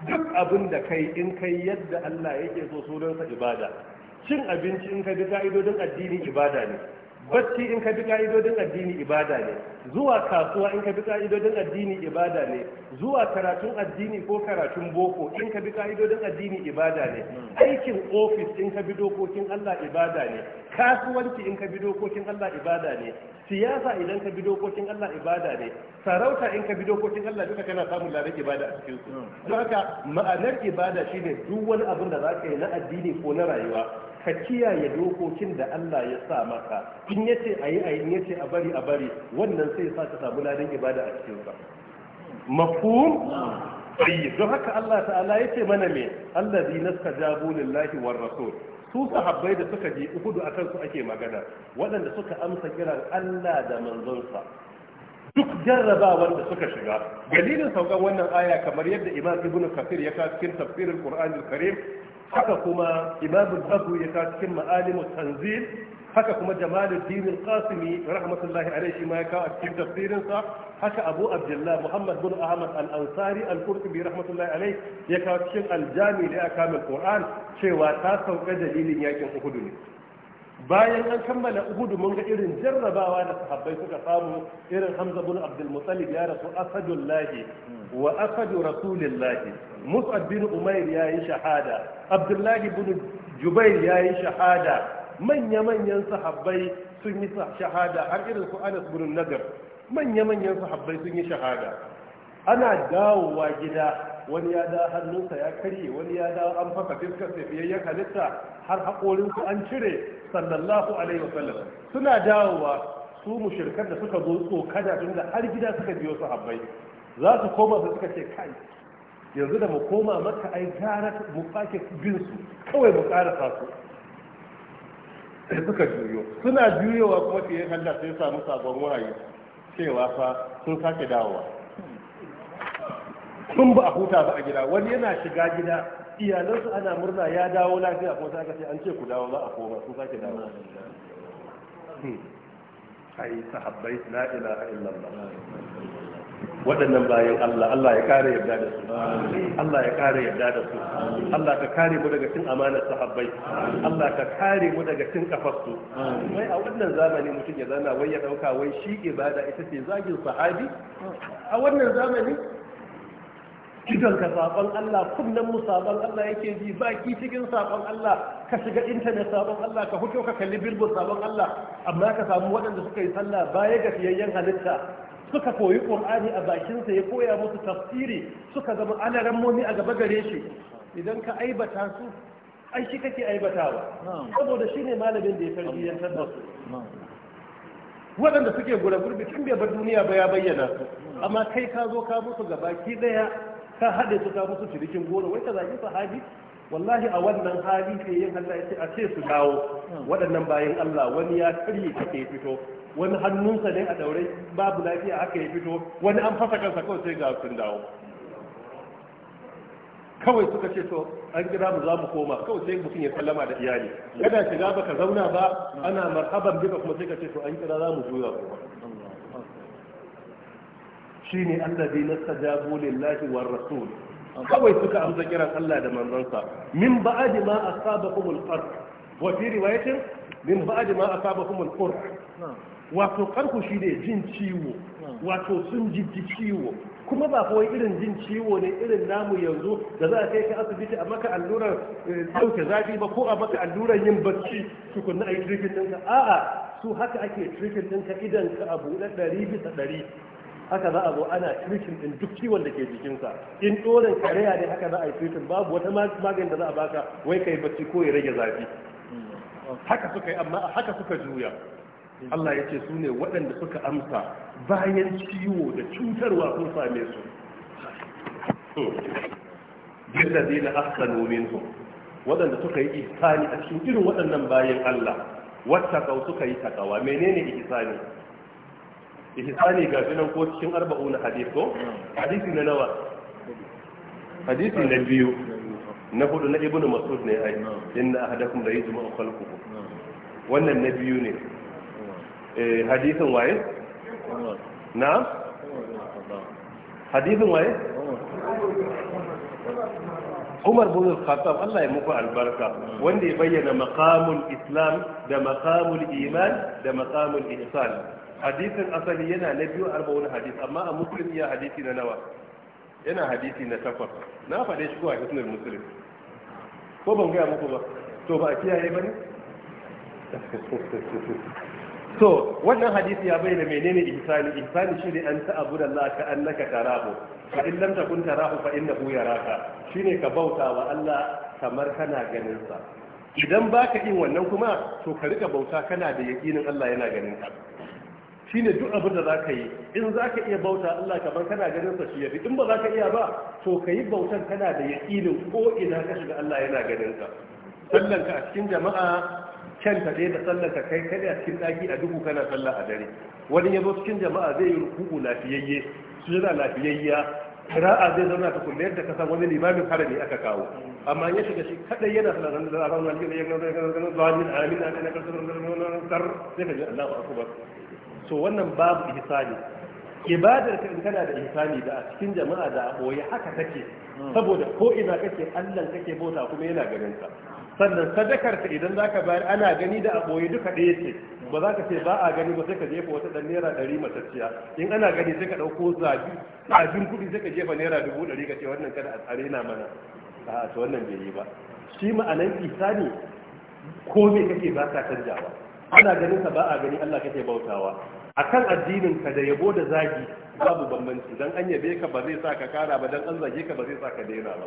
duk abin da kai in kai yadda Allah yake so sunansa ibada cin abinci in ka bi ka'idodin addini ibada ne bacci in ka bi ka'idodin addini ibada ne zuwa kasuwa in ka bi ka'idodin addini ibada ne zuwa karatun addini ko karatun boko in ka bi ka'idodin addini ibada ne aikin ofis in ka bi dokokin Allah ibada ne kasuwanci in ka bi dokokin Allah ibada ne siyasa idan ka bi dokokin Allah ibada ne sarauta in ka bi dokokin Allah duka kana samun ladan ibada a cikin su don haka ma'anar ibada shine duk wani abin da za ka yi na addini ko na rayuwa ka kiyaye dokokin da Allah ya sa maka in yace ayi ayi in yace a bari a bari wannan sai sa ka samu ladan ibada a cikin sa mafhum tayyib don haka Allah ta'ala yace mana me allazi nastajabu lillahi war rasul su sahabbai da suka je uhudu akan su ake magana waɗanda suka amsa kiran Allah da manzonsa duk jarrabawar da suka shiga dalilin saukan wannan aya kamar yadda imam ibn kafir ya kawo cikin tafsirin qur'anul karim haka kuma imamu zahu ya cikin ma'alimu tanzil haka kuma jamaluddin al Kasimi rahmatullahi alaihi ma ya kawo a cikin tafsirinsa haka abu abdullah muhammad bin ahmad al-ansari al-qurtubi rahmatullahi alaihi ya kawo cikin aljami da ya kamil qur'an cewa ta sauka dalilin yakin uhud ne bayan an kammala uhudu mun ga irin jarrabawa da sahabbai suka samu irin hamza bin abdul muttalib ya rasu asadullahi wa asadu rasulillahi mus'ab bin umair ya yi shahada abdullahi bin jubair ya yi shahada manya-manyan sahabbai sun yi shahada har irin su anas bin nagar manya-manyan sahabbai sun yi shahada ana dawowa gida wani ya da hannunsa ya karye wani ya da an faka fiskar ya halitta har haƙorinsu an cire sallallahu alaihi wasallam suna dawowa su mushirkan da suka zo tsokada tun da har gida suka biyo su habbai za su koma su suka ce kai yanzu da mu koma maka ai gara mu fake bin su kawai mu karasa su sai suka juyo suna juyowa kuma fiye halla sai samu sabon wahayi cewa fa sun sake dawowa tun ba a huta ba a gida wani yana shiga gida iyalansu ana murna ya dawo lafiya ko ta ce an ce ku dawo za a koma sun sake dawo hmm. ai sahabbai la ilaha illallah waɗannan bayan Allah Allah ya kare yarda da su Allah ya kare yarda da su Allah ka kare mu daga cin amanar sahabbai Allah ka kare mu daga cin kafarsu wai a wannan zamani mutum ya zana wai ya dauka wai shi ibada ita ce zagin sahabi a wannan zamani idon ka sabon Allah kunnan mu sabon Allah yake ji baki cikin sabon Allah ka shiga intanet sabon Allah ka fito ka kalli billboard sabon Allah amma ka samu waɗanda suka yi sallah baya ga fiyayyen halitta suka koyi ƙur'ani a bakinsa ya koya musu tafsiri suka zama alaran momi a gaba gare shi idan ka aibata su ai shi kake aibatawa saboda shine malamin da ya tarbiyyantar da su waɗanda suke gura gurbi tun bai bar duniya ba ya bayyana su amma kai ka zo ka musu gaba ki ɗaya ka haɗe su ka musu cirikin goro wai ka zaki sahabi wallahi a wannan hali ke yin Allah ya a ce su dawo waɗannan bayan Allah wani ya karye ke fito wani hannunsa ne a daure babu lafiya haka ya fito wani an fasa kansa kawai sai ga sun dawo kawai suka ce to an kira mu za mu koma kawai sai mutum ya sallama da iyali kada shiga baka zauna ba ana marhaban bika kuma sai ka ce to an kira za mu juya. shine allazi nastajabu lillahi war rasul kawai suka amsa kiran Allah da manzansa min ba'di ma asabahum al-qurr wa fi riwayatin min ba'di ma asabahum al-qurr wato karku shine jin ciwo wato sun ji ciwo kuma ba kawai irin jin ciwo ne irin namu yanzu da za a kai ka asibiti a maka allurar dauke eh, zafi ba ko a maka allurar yin bacci tukunna a yi trifin ɗinka a'a su haka ake trifin ɗinka idan ka abu na ɗari bisa ɗari haka za a zo ana kirkin din duk ciwon da ke jikinsa in dorin karaya ne haka za a yi kirkin babu wata magani da za a baka wai kai bacci ko ya rage zafi haka suka yi amma haka suka juya Allah ya ce su ne waɗanda suka amsa bayan ciwo da cutarwa sun same su billazi na ahsanu minhum waɗanda suka yi ihsani a cikin irin waɗannan bayan Allah wata kau suka yi takawa menene ihsani ihsani ga shi nan ko cikin arba'u na hadith ko hadisi na nawa hadisi na biyu na hudu na ibnu mas'ud ne ai inna ahadakum la yajma'u khalquhu wannan na biyu ne eh hadisin waye na hadisin waye Umar bin Khattab Allah ya muku albarka wanda ya bayyana maqamul Islam da maqamul iman da maqamul ihsan hadisin asali yana na biyu arba'un hadis amma a muslim ya hadisi na nawa yana hadisi na takwas na faɗe shi ko a hisnul muslim ko ban gaya muku ba to ba a kiyaye ba ne so wannan hadisi ya bayyana menene ihsani ihsani shine an da Allah ka annaka tarahu fa in lam takun tarahu fa innahu yaraka shine ka bauta wa Allah kamar kana ganin sa idan baka yin wannan kuma to ka rika bauta kana da yakinin Allah yana ganin ka shi ne duk abin da za ka yi in za ka iya bauta Allah kamar kana ganin sa shi yafi in ba za ka iya ba to ka yi bautan kana da yaƙinin ko ina ka shiga Allah yana ganin ka sallan a cikin jama'a kyan ta da sallan ka kai kada a cikin daki a duhu kana sallah a dare wani ya cikin jama'a zai yi ruku'u lafiyayye yana lafiyayya ra'a zai zauna ta kulle yadda ka san wani limamin harami aka kawo amma ya shiga shi kadai yana sallan da zaran da yana ganin zalim da amin kar sai ka ji Allahu akbar to wannan babu ihsani ibadar ka in kana da ihsani da a cikin jama'a da a boye haka take hmm. saboda ko ina kake Allah kake bauta kuma yana ganin ka sannan sadakar ka idan zaka bayar ana gani da a duka daya ce ba za ka ce ba a gani ba sai ka jefa wata dan naira ɗari matacciya in ana gani sai ka ɗauko zabi abin kuɗi sai ka jefa naira dubu ɗari ka ce wannan kada a tsare na mana a to wannan bai yi ba shi ma'anar ihsani ko me kake ba ka canjawa ana ganin ka ba a gani Allah kake bautawa akan addinin ka da yabo da zagi babu bambanci dan an yabe ka ba zai sa ka kara ba dan an zage ka ba zai sa ka daina ba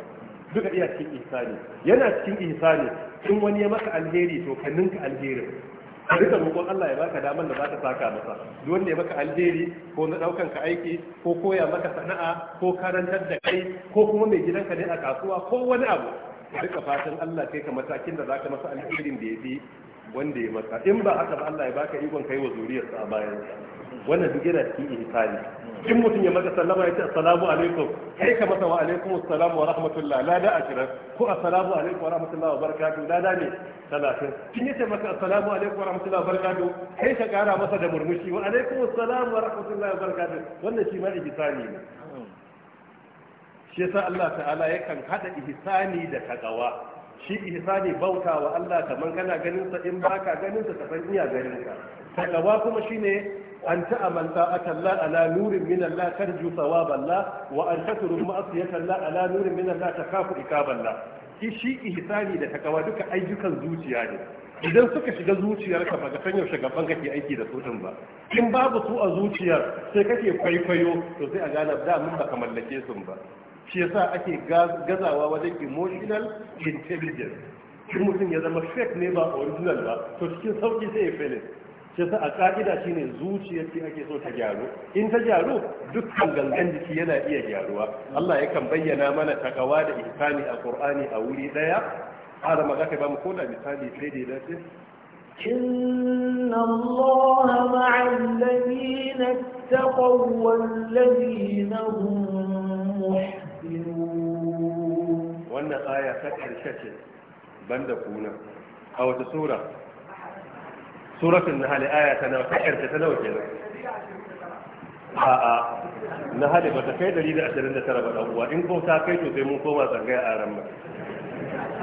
duka iya cikin ihsani yana cikin ihsani in wani ya maka alheri to ka ninka alherin ka rika roƙon Allah ya baka damar da zaka saka masa duk wanda ya maka alheri ko na daukan ka aiki ko koya maka sana'a ko karantar da kai ko kuma mai gidanka ne a kasuwa ko wani abu ka fatan Allah kai ka matakin da zaka masa alherin da ya bi. wanda ya maka in ba haka ba Allah ya baka ikon kai wa zuriyarsa a bayan wannan duk yana cikin ihsani in mutum ya maka sallama ya ce assalamu alaikum kai ka masa wa alaikum assalamu wa rahmatullah la da ashirin ko assalamu alaikum wa rahmatullah wa barakatuh la da ne talatin kin yace maka assalamu alaikum wa rahmatullah wa barakatuh kai ka kara masa da murmushi wa alaikum assalamu wa rahmatullah wa barakatuh wannan shi ma ihsani ne shi yasa Allah ta'ala yakan hada ihsani da takawa shi ihsani bauta wa Allah kaman kana ganin sa in baka ganin sa kafan iya ganin ka takawa kuma shine an amanta ta'ata Allah ala nurin min Allah tarju thawab wa an tatru ma'siyata Allah ala nurin min Allah takafu ikab shi shi ihsani da takawa duka ayyukan zuciya ne idan suka shiga zuciyarka baka san yaushe gaban kake aiki da su din ba in babu su a zuciyar sai kake kwaikwayo to sai a gane da mun baka mallake su ba shi sa ake gazawa wajen emotional intelligence in mutum ya zama fake ne ba original ba to cikin sauki sai ya fene shi yasa a ka'ida shine zuciyar ce ake so ta gyaru in ta gyaru dukkan gangan jiki yana iya gyaruwa Allah yakan bayyana mana takawa da ihsani a Qur'ani a wuri daya هذا ما koda misali كولا مثالي سيدي ذاته إن الله مع الذين اتقوا والذين هم محسنون wannan aya ta ƙarshe ce ban da kuna a wata sura na hali aya ta nawa ta ƙarshe ta nawa kenan A'a. Na nahl ba ta kai 129 ba dan uwa in ko ta kai to sai mun koma tsangaya a ran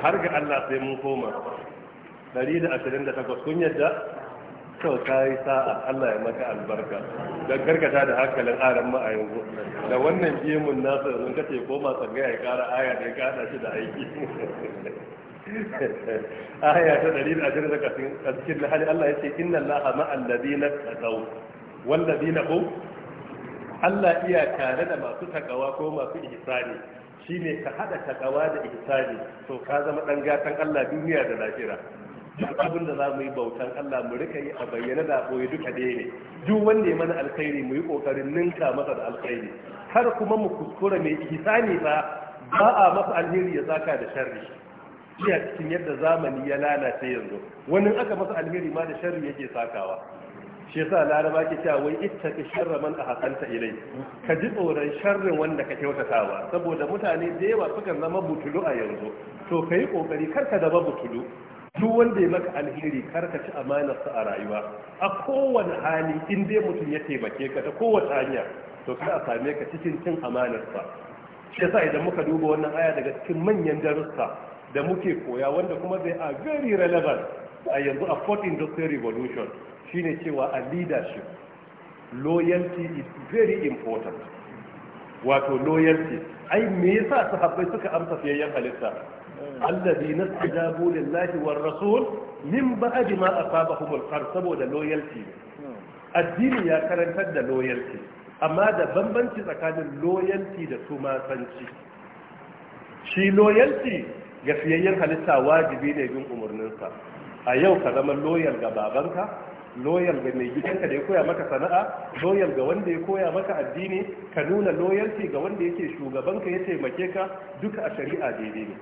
har ga Allah sai mun koma 128 kun yadda to ta yi sa'a Allah ya maka albarka don karkata da hankalin aran ma a yanzu da wannan gemun nasa yanzu kace koma tsanga ya kara aya da ya kada shi da aiki aya ta 120 daga cikin hali Allah yace inna allaha ma'al ladina tsawo. wal ladina ko? Allah iya tare da masu takawa ko masu ihsani shine ka hada takawa da ihsani to ka zama dan gatan Allah duniya da lafira. duk abin da za mu yi bautan Allah mu rika yi a bayyana da koyi duka dai ne duk wanda ya mana alkhairi mu yi kokarin ninka masa da alkhairi Har kuma mu kuskura mai ihsani ba ba a masa alheri ya zaka da sharri iya cikin yadda zamani ya lalace yanzu wani aka masa alheri ma da sharri yake sakawa shi yasa laraba ke cewa wai ka sharra man ahsanta ilai ka ji tsoron sharrin wanda ka kyautatawa saboda mutane da yawa suka zama butulu a yanzu to kai kokari ka da butulu duk wanda ya maka alheri kar ka ci amanarsa a rayuwa a kowane hali in dai mutum ya taimake ka ta kowace hanya to kar a same ka cikin cin amanarsa shi yasa idan muka duba wannan aya daga cikin manyan darussa da muke koya wanda kuma zai a very relevant a yanzu a fourth industrial revolution shine cewa a leadership loyalty is very important wato loyalty ai me yasa sahabbai suka amsa fiyayyen halitta الذين استجابوا لله min من بعد ما أصابهم القرح saboda loyalty addini ya karantar da loyalty amma da bambanci tsakanin loyalty da tumasanci shi loyalty ga fiyayyen halitta wajibi ne bin umarninsa a yau ka zama loyal ga babanka loyal ga mai gidanka da ya koya maka sana'a loyal ga wanda ya koya maka addini ka nuna loyalty ga wanda yake shugabanka ya taimake ka duka a shari'a daidai ne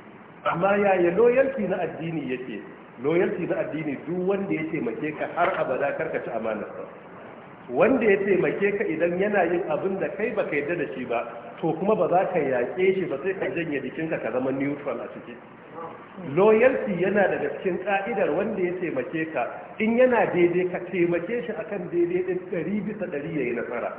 amma yaya loyalty na addini yake loyalty na addini duk wanda ya taimake ka har abada karka ci amanar wanda ya taimake ka idan yana yin abin da kai ba ka yarda da shi ba to kuma ba za ka yaƙe shi ba sai ka janye jikinka ka zama neutral a ciki loyalty yana daga cikin ka'idar wanda ya taimake ka in yana daidai ka taimake shi akan daidai din ɗari bisa ɗari ya yi nasara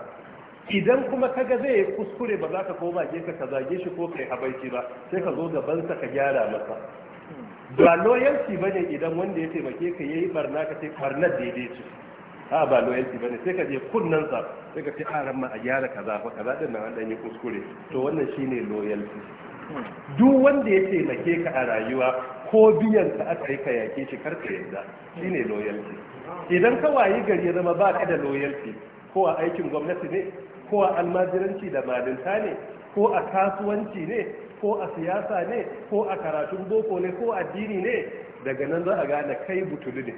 idan kuma ka ga zai kuskure ba za ka koma ke ka zage shi ko kai habaici ba sai ka zo gaban sa ka gyara masa ba loyalty bane idan wanda ya taimake ka yayi barna ka ce barna daidai ce a ba loyalty bane sai ka je kunnan sa sai ka ce a ah, ran ma a gyara kaza fa kaza din nan dan yi kuskure to wannan shine loyalty duk wanda ya taimake ka a rayuwa ko biyan ka aka yi ka yake shi karka yadda shine loyalty idan ka wayi gari ya zama ba ka da loyalty ko a aikin gwamnati ne ko a almajiranci da malinta ne ko a kasuwanci ne ko a siyasa ne ko a karatun boko ne ko addini ne daga nan za a gane kai butulu ne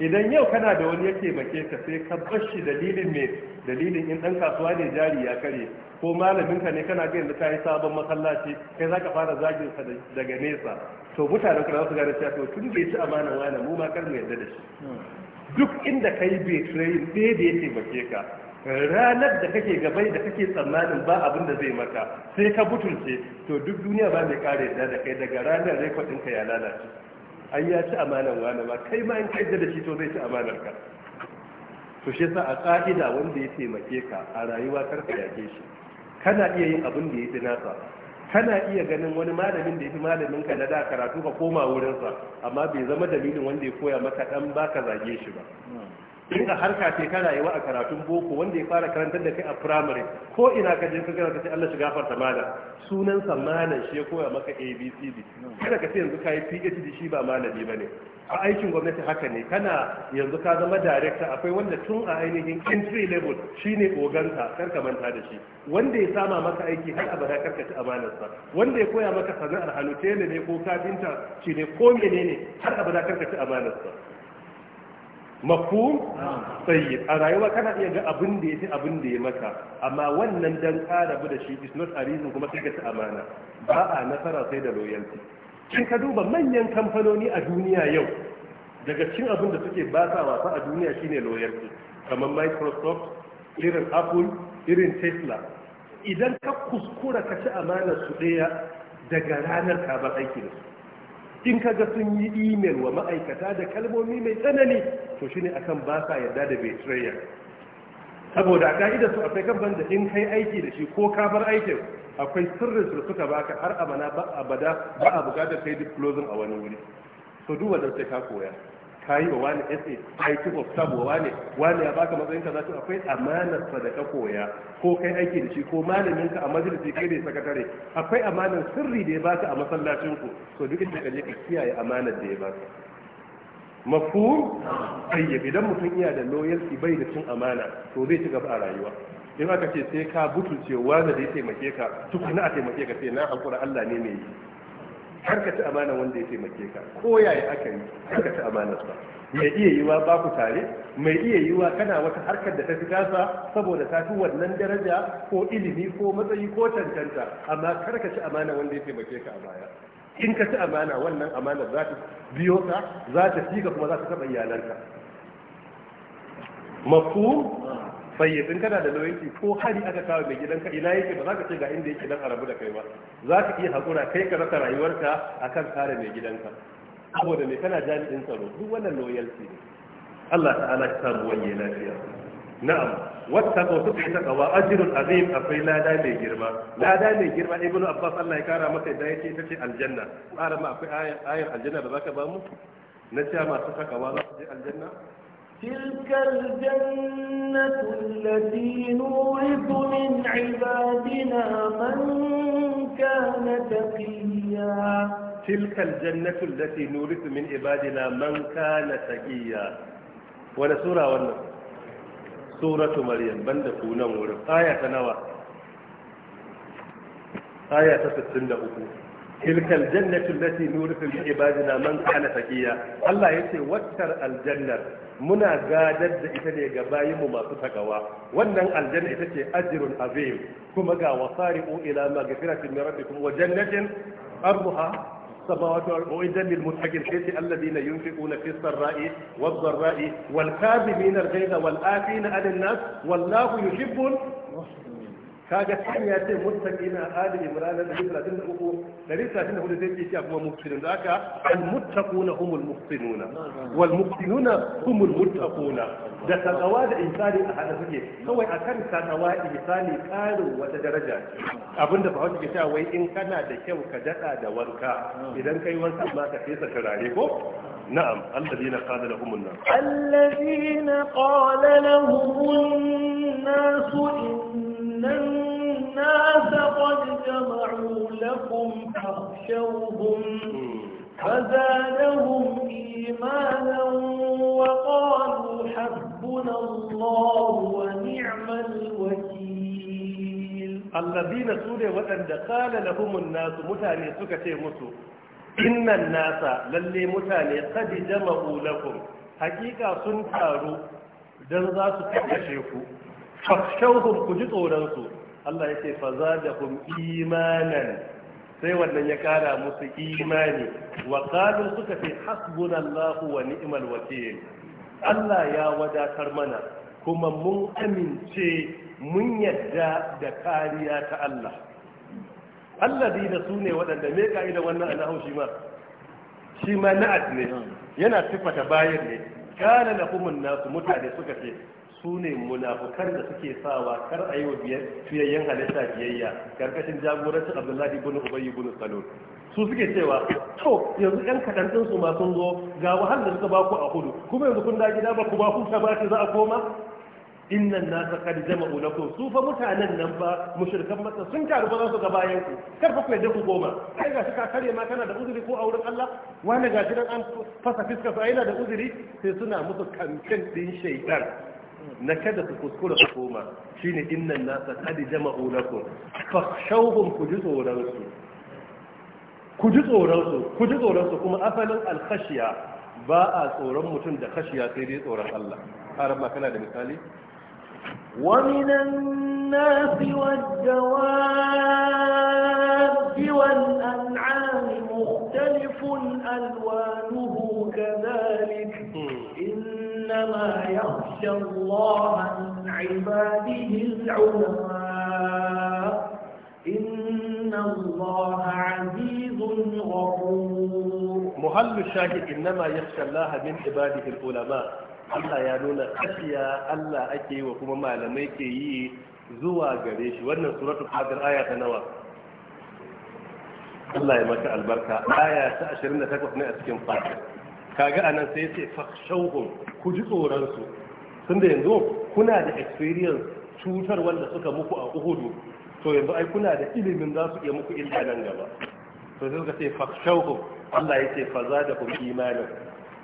idan yau kana da wani ya taimake ka sai ka bashi dalilin me dalilin in dan kasuwa ne jari ya kare ko malamin ka ne kana ga yanzu kai sabon masallaci kai zaka fara zagin sa daga nesa to mutanen ku za su gane cewa tun bai ci amana wani mu ma kar mu yarda da shi hmm. duk inda kai bai train dai da ya taimake ka ranar da kake gabai da kake tsammanin ba abin da zai maka sai ka butulce to duk duniya ba mai kare yadda da kai daga ranar rekodin ka ya lalace An ya ci amanar wani ma kai ma in ka da shi to zai ci amanar ka to shi sa a ka'ida wanda ya taimake ka a rayuwa kar ka yake shi kana iya yin abin da ya fi nasa kana iya ganin wani malamin da ya fi malamin ka na da karatu ka koma wurinsa amma bai zama dalilin wanda ya koya maka dan baka zage shi ba in a harka ce ka rayuwa a karatun boko wanda ya fara karantar da kai a firamare ko ina ka je ka gara ka ce Allah shi gafarta mana sunan sa malam shi ya koya maka ABCD kada ka ce yanzu kai PhD shi ba malami bane a aikin gwamnati haka ne kana yanzu ka zama director akwai wanda tun a ainihin entry level shine oganta kar ka manta da shi wanda ya sama maka aiki har abada kar ka ci amanar sa wanda ya koya maka sana'ar hannu tele ne ko kafinta shine ko menene har abada kar ka ci amanar sa mafu tsayi a rayuwa kana iya ga abin da ya fi abin da ya maka amma wannan dan karabu da shi is not a reason kuma sai ka amana ba a nasara sai da loyalty kin ka duba manyan kamfanoni a duniya yau daga cikin abin da suke ba sa wasa a duniya shine loyalty kamar microsoft irin apple irin tesla idan ka kuskura ka ci amanar su ɗaya daga ranar ka ba aiki da su in kaga sun yi imel wa ma'aikata da kalmomi mai tsanani to shine akan ba sa yarda da betrayal saboda ka'idar su akwai kan banda in kai aiki da shi ko ka bar aikin akwai sirrin su suka baka har amana ba abada ba a bukatar kai disclosing a wani wuri so duk wannan sai ka koya ka yi wa wani essay ka yi of sub wa wani wani ya baka matsayin ka zaki akwai amanar sadaka koya ko kai aiki da shi ko malamin ka a majalisi kai ne sakatare akwai amanar sirri da ya baka a masallacin ku so duk inda ka ka kiyaye amanar da ya baka mafhum tayyib idan mutum iya da loyalty bai da cin amana to zai ci gaba a rayuwa in aka ce sai ka butulce wani da ya taimake ka tukuna a taimake ka sai na hankura Allah ne mai yi kar amana wanda ya taimake ka ko yaya aka yi kar ka amanar ba mai iya yiwa ba ku tare mai iya yiwa kana wata harkar da ta fi tasa saboda ta fi wannan daraja ko ilimi ko matsayi ko tantanta amma kar ci amana wanda ya taimake ka a baya in ka ci amana wannan amanar za ta biyo ka za ta fi ka kuma za ta taɓa iyalanka mafu fayyab kana da loyalty ko hari aka kawo mai gidanka ina yake ba za ka ce ga inda yake dan arabu da kai ba za ka iya haƙura kai ka rasa rayuwarka akan kare mai gidanka saboda me kana jami'in tsaro duk wannan loyalty ne Allah ta'ala ya samu wani lafiya na'am wata ko suka yi takawa ajrun azim akwai lada mai girma lada mai girma ibn abbas Allah ya kara masa da yake ita ce aljanna ƙara ma akwai ayar aljanna da zaka ba mu na cewa masu takawa za su je aljanna تلك الجنة التي نورث من عبادنا من كان تقيا تلك الجنة التي نورث من عبادنا من كان تقيا ولا سورة ولا سورة مريم بند كونا مورف آية نوى آية 63 tilkal jannatu allati nurisu li ibadina man kana taqiya Allah yace wattar aljannar muna gadar da ita ne ga bayinmu masu takawa wannan aljanna ita ce ajrun azim kuma ga wasariqu ila maghfiratin min rabbikum wa jannatin arduha السماوات والأعدة للمتقين حيث الذين ينفقون في السراء والضراء wal الغيظ والآفين عن الناس والله يحب kaga kan ya ce muttaqina ali imran da da 33 134 zai ce shi kuma muhsinun da aka al muttaquna humul muhsinuna wal muhsinuna humul muttaquna da takawa da insani a hada suke kawai akan takawa insani karin wata daraja abinda ba hausa ke cewa wai in kana da kyau ka dada da wanka idan kai wanka ma ka fesa turare ko Na'am, نعم الذين قال لهم الناس الذين قال لهم الناس إن إن الناس قد جمعوا لكم فاخشوهم فزادهم إيمانا وقالوا حسبنا الله ونعم الوكيل الذين سورة وأن قال لهم الناس متاني سكتي مسو إن الناس للي متاني قد جمعوا لكم حقيقة سنتاروا دنزا سكتشيكم fakshauhum ku ji tsoronsu Allah ya ce fa zadahum imanan sai wannan ya kara musu imani wa qalu suka ce hasbunallahu wa ni'mal wakeel Allah ya wadatar mana kuma mun amince mun yadda da kariya ta Allah alladhi da sune waɗanda me ka'ida wannan ana shi ma shi ma na'at ne yana sifata bayan ne kana lahumun nasu mutane suka ce su ne munafukan da suke sawa kar a yi wa fiyayyen halitta biyayya karkashin jagorancin abdullahi bin ubayi bin salul su suke cewa to yanzu ɗan kaɗan ɗin su masu zo ga wahal da suka baku a hudu kuma yanzu kun da gida ba ku ba ta ba za a koma innan ta kad jama'u lakum su fa mutanen nan ba mushrikan masa sun taru ba za su ga bayan ku kar fa ku yadda ku goma kai ga ka kare ma kana da uzuri ko a wurin Allah wani ga gidan an fasa fiska su aina da uzuri sai suna musu kamfen din shaitan نكد تكسكول حكومة شين إن الناس قد جمعوا لكم فخشوهم كجزوا رأسوا كجزوا رأسوا كجزوا رأسوا كما أفل الخشية باء صورم متند خشية تريد صورة الله أرب ما كان هذا مثالي ومن الناس والدواب والأنعام يخشى الله من عباده العلماء إن الله عزيز غفور محل الشاهد إنما يخشى الله من عباده العلماء Allah ya nuna kashiya Allah ake yi wa kuma malamai ke yi zuwa gare shi wannan suratul fatir aya ta nawa Allah ya maka albarka aya ta 28 ne a cikin fatir kaga anan sai ya ce fakhshawhum ku ji tsoron su tun da yanzu kuna da experience cutar wanda suka muku a uhudu to yanzu ai kuna da ilimin za su iya muku illa nan gaba to sai suka ce fakshauku Allah ya ce faza da kun imanin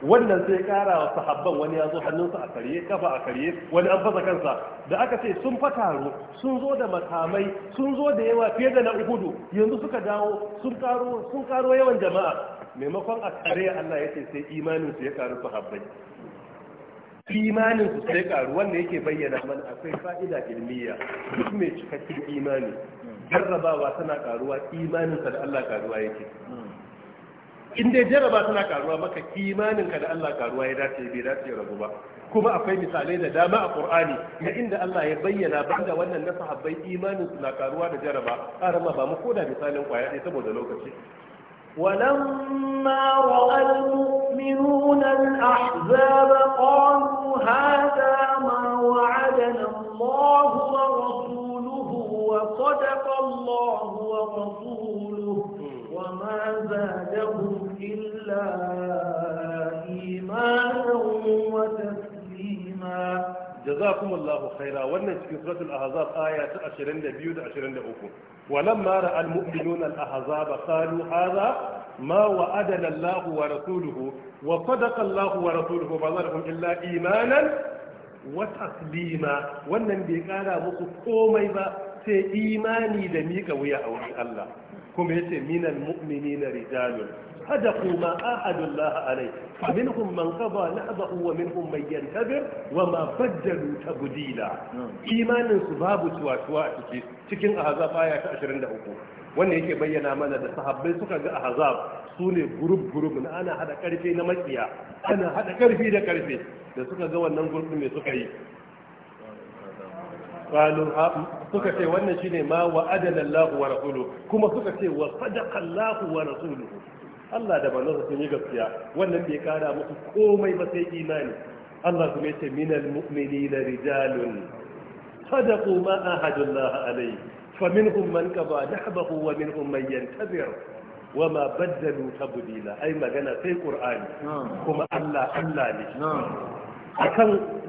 wannan sai kara wa sahabban wani ya zo hannunsa a karye kafa a karye wani an fasa kansa da aka ce sun fataro sun zo da makamai sun zo da yawa fiye da na uhudu yanzu suka dawo sun karo sun karo yawan jama'a maimakon a kare Allah ya ce sai imanin su ya karu sahabbai imanin su sai karu wanda yake bayyana mana akwai fa'ida ilmiya duk mai cikakken imani jarrabawa tana karuwa imanin sa da Allah karuwa yake in dai jarraba tana karuwa maka imanin ka da Allah karuwa ya dace bai dace ya rabu ba kuma akwai misalai da dama a Qur'ani na inda Allah ya bayyana banda wannan na sahabbai imanin su na karuwa da jarraba karama ba mu koda misalin kwaya saboda lokaci ولما رأى المؤمنون الأحزاب قالوا هذا ما وعدنا الله ورسوله وصدق الله ورسوله وما زادهم إلا إيمانا jazakumullahu khaira wannan cikin suratul ahzab aya ta 22 da 23 walamma ra'a almu'minuna al-ahzab qalu hadha ma wa'adana Allah wa rasuluhu wa sadaqa Allah wa rasuluhu ma zalahum illa imanan wa taslima wannan bai kara muku komai ba sai imani da miƙa wuya a wurin Allah kuma yace minal na rijalun صدقوا ما أحد الله mai فمنهم من قضى نحبه ومنهم ta gudila. Imanin su babu إيمان سباب سواتوا cikin ahzab aya ta 23 wannan yake bayyana mana da sahabbai suka ga ahzab su ne gurub gurub na ana haɗa ƙarfe na maƙiya ana haɗa karfi da ƙarfe da suka ga wannan group mai suka yi ha suka ce wannan shine ma wa'adana Allah wa rasuluhu kuma suka ce wa sadaqa Allah wa rasuluhu Allah da manzon sun yi gaskiya wannan bai kara musu komai ba sai imani Allah kuma yace minal mu'minina rijalun sadaqu ma ahadullah alayhi faminhum man qada nahbahu wa minhum man yantazir wama baddalu tabdila ai magana sai qur'ani kuma Allah Allah ne akan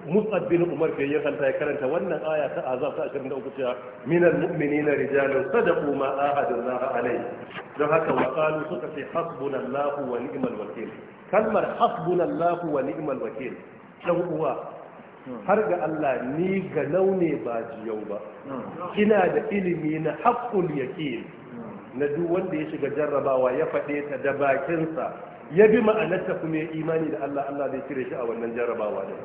mus'ab bin umar ke yi halta ya karanta wannan aya ta azab ta 23 cewa minal mu'minina rijalun sadaqu ma ahadallahu alai don haka wa qalu suka ce hasbunallahu wa ni'mal wakil kalmar hasbunallahu wa ni'mal wakil dan uwa har ga Allah ni ga launi ba jiyau ba ina da ilimi na haqqul yaqin na duk wanda ya shiga jarrabawa ya faɗe ta da bakinsa ya bi ma'anarta kuma ya imani da Allah Allah zai cire shi a wannan jarrabawa ne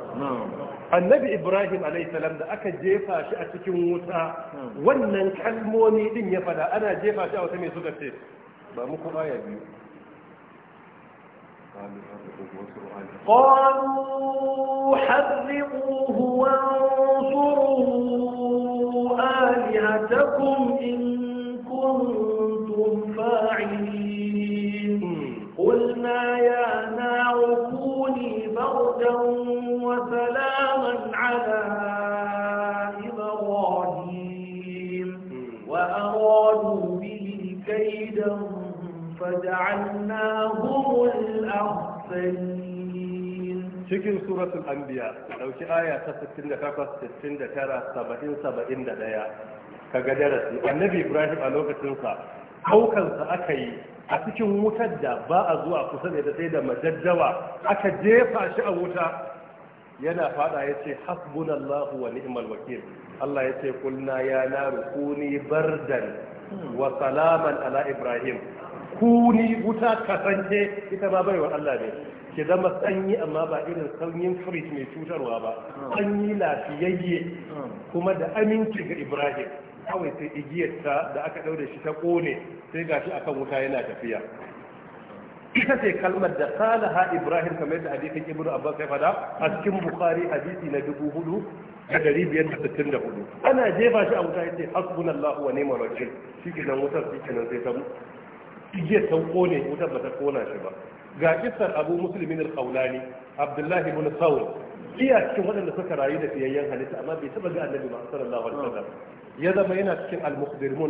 annabi ibrahim alaihissalam da aka jefa shi a cikin wuta wannan kalmomi din ya fada ana jefa shi a wata mai suka ce ba muku aya biyu قالوا حرقوه وانصروا آلهتكم إن كنتم bin suratul anbiya dauki aya ta 68 69 70 71 kaga darasi annabi ibrahim a lokacin sa haukansa aka yi a cikin wutar da ba a zuwa kusa da sai da majajjawa aka jefa shi a wuta yana fada ya ce hasbunallahu wa ni'mal wakil Allah ya ce kulna ya naru kuni bardan wa salaman ala ibrahim kuni wuta kasance ita ma baiwa Allah ne Ke zama sanyi amma ba irin sanyin fridge mai cutarwa ba sanyi lafiyayye kuma da aminci ga Ibrahim kawai sai igiyarta da aka daure shi ta ƙone, sai gashi akan wuta yana tafiya ita ce kalmar da salaha Ibrahim kamar da hadisin Ibnu Abbas ya fada a cikin Bukhari hadisi na hudu. ana jefa shi a wuta ce hasbunallahu wa ni'mal wakeel shi kenan wutar shi kenan sai ta Jiya ta kone wutar ba ta kona shi ba ga kisar abu musulmin al abdullahi ibn saul iya cikin waɗanda suka rayu da fiyayyen halitta amma bai taba ga annabi ba sallallahu alaihi wasallam ya zama yana cikin al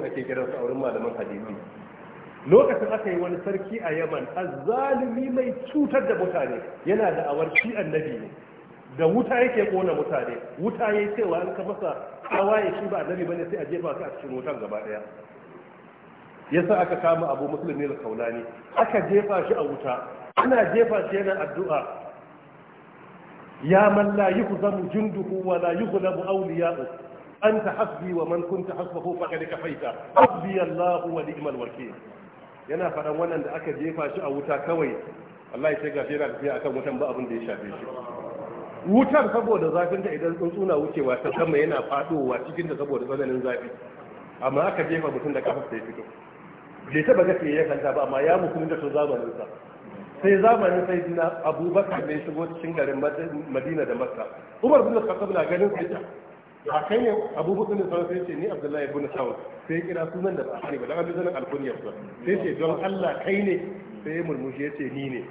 ake kiran sa auren malaman hadisi lokacin aka yi wani sarki a yaman azzalimi mai cutar da mutane yana da awarci annabi ne da wuta yake kona mutane wuta yayi cewa an ka masa kawaye shi ba annabi bane sai a jefa ka a cikin wutan gaba daya Ya sa aka kama abu musulmi da kaulani aka jefa shi a wuta ana jefa shi yana addu'a ya man la yuhzamu junduhu wa la yughlabu awliya'u anta hasbi wa man kunta hasbahu faqad kafaita hasbi Allah wa ni'mal wakeel yana faɗan wannan da aka jefa shi a wuta kawai Allah ya ce gashi yana tafiya akan wutan ba abin da ya shafe shi wutar saboda zafin da idan tsuntsuna wucewa ta sama yana faɗowa cikin da saboda tsananin zafi amma aka jefa mutum da kafa sai fito bai taba ga fiye kanta ba amma ya musulun da to zamanin sa sai zamanin sai dina abubakar ne shigo cikin garin madina da makka umar bin khattab na ganin sai ta a kai ne abubakar ne sai sai ni abdullahi ibn sa'ud sai kira sunan da ba a ba dan abdullahi al-kunya ba sai ce don Allah kai ne sai murmushi ya ce ni ne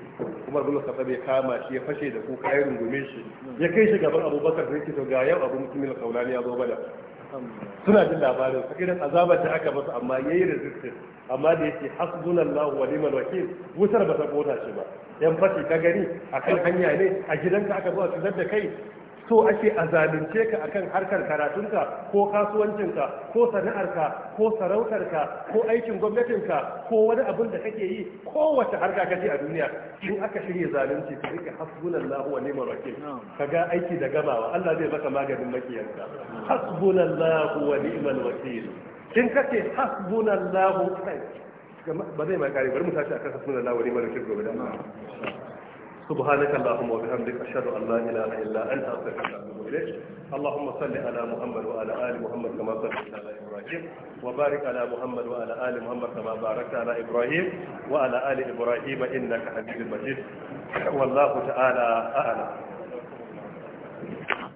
umar bin khattab ya kama shi ya fashe da ku kai rungume shi ya kai shi gaban abubakar sai ce to ga yau abu mutumin kaulani ya zo bada suna jin labarin su irin azabar da aka basu amma yayi resistin amma da yake hasbunallahu wa ni'mal wakil wutar ba ta kota shi ba yan fashi ka gani akan hanya ne a gidanka aka zo a da kai so ake a zalunce ka akan harkar karatunka ko kasuwancinka ko sana'arka ko sarautarka ko aikin gwamnatinka ko wani abin da kake yi kowace harka ji a duniya in aka shirya zalunci ka rike hasbunallahu wa ni'mal ka kaga aiki da gamawa Allah zai baka maganin makiyanka hasbunallahu wa ni'mal wakil in kace hasbunallahu kai ba zai ma kare bari mu tashi akan hasbunallahu wa ni'mal wakil gobe da سبحانك اللهم وبحمدك أشهد أن لا إله إلا أنت أستغفرك وأتوب إليك اللهم صل على محمد وعلى آل محمد كما صليت على إبراهيم وبارك على محمد وعلى آل محمد كما باركت على إبراهيم وعلى آل إبراهيم إنك حميد مجيد والله تعالى أعلم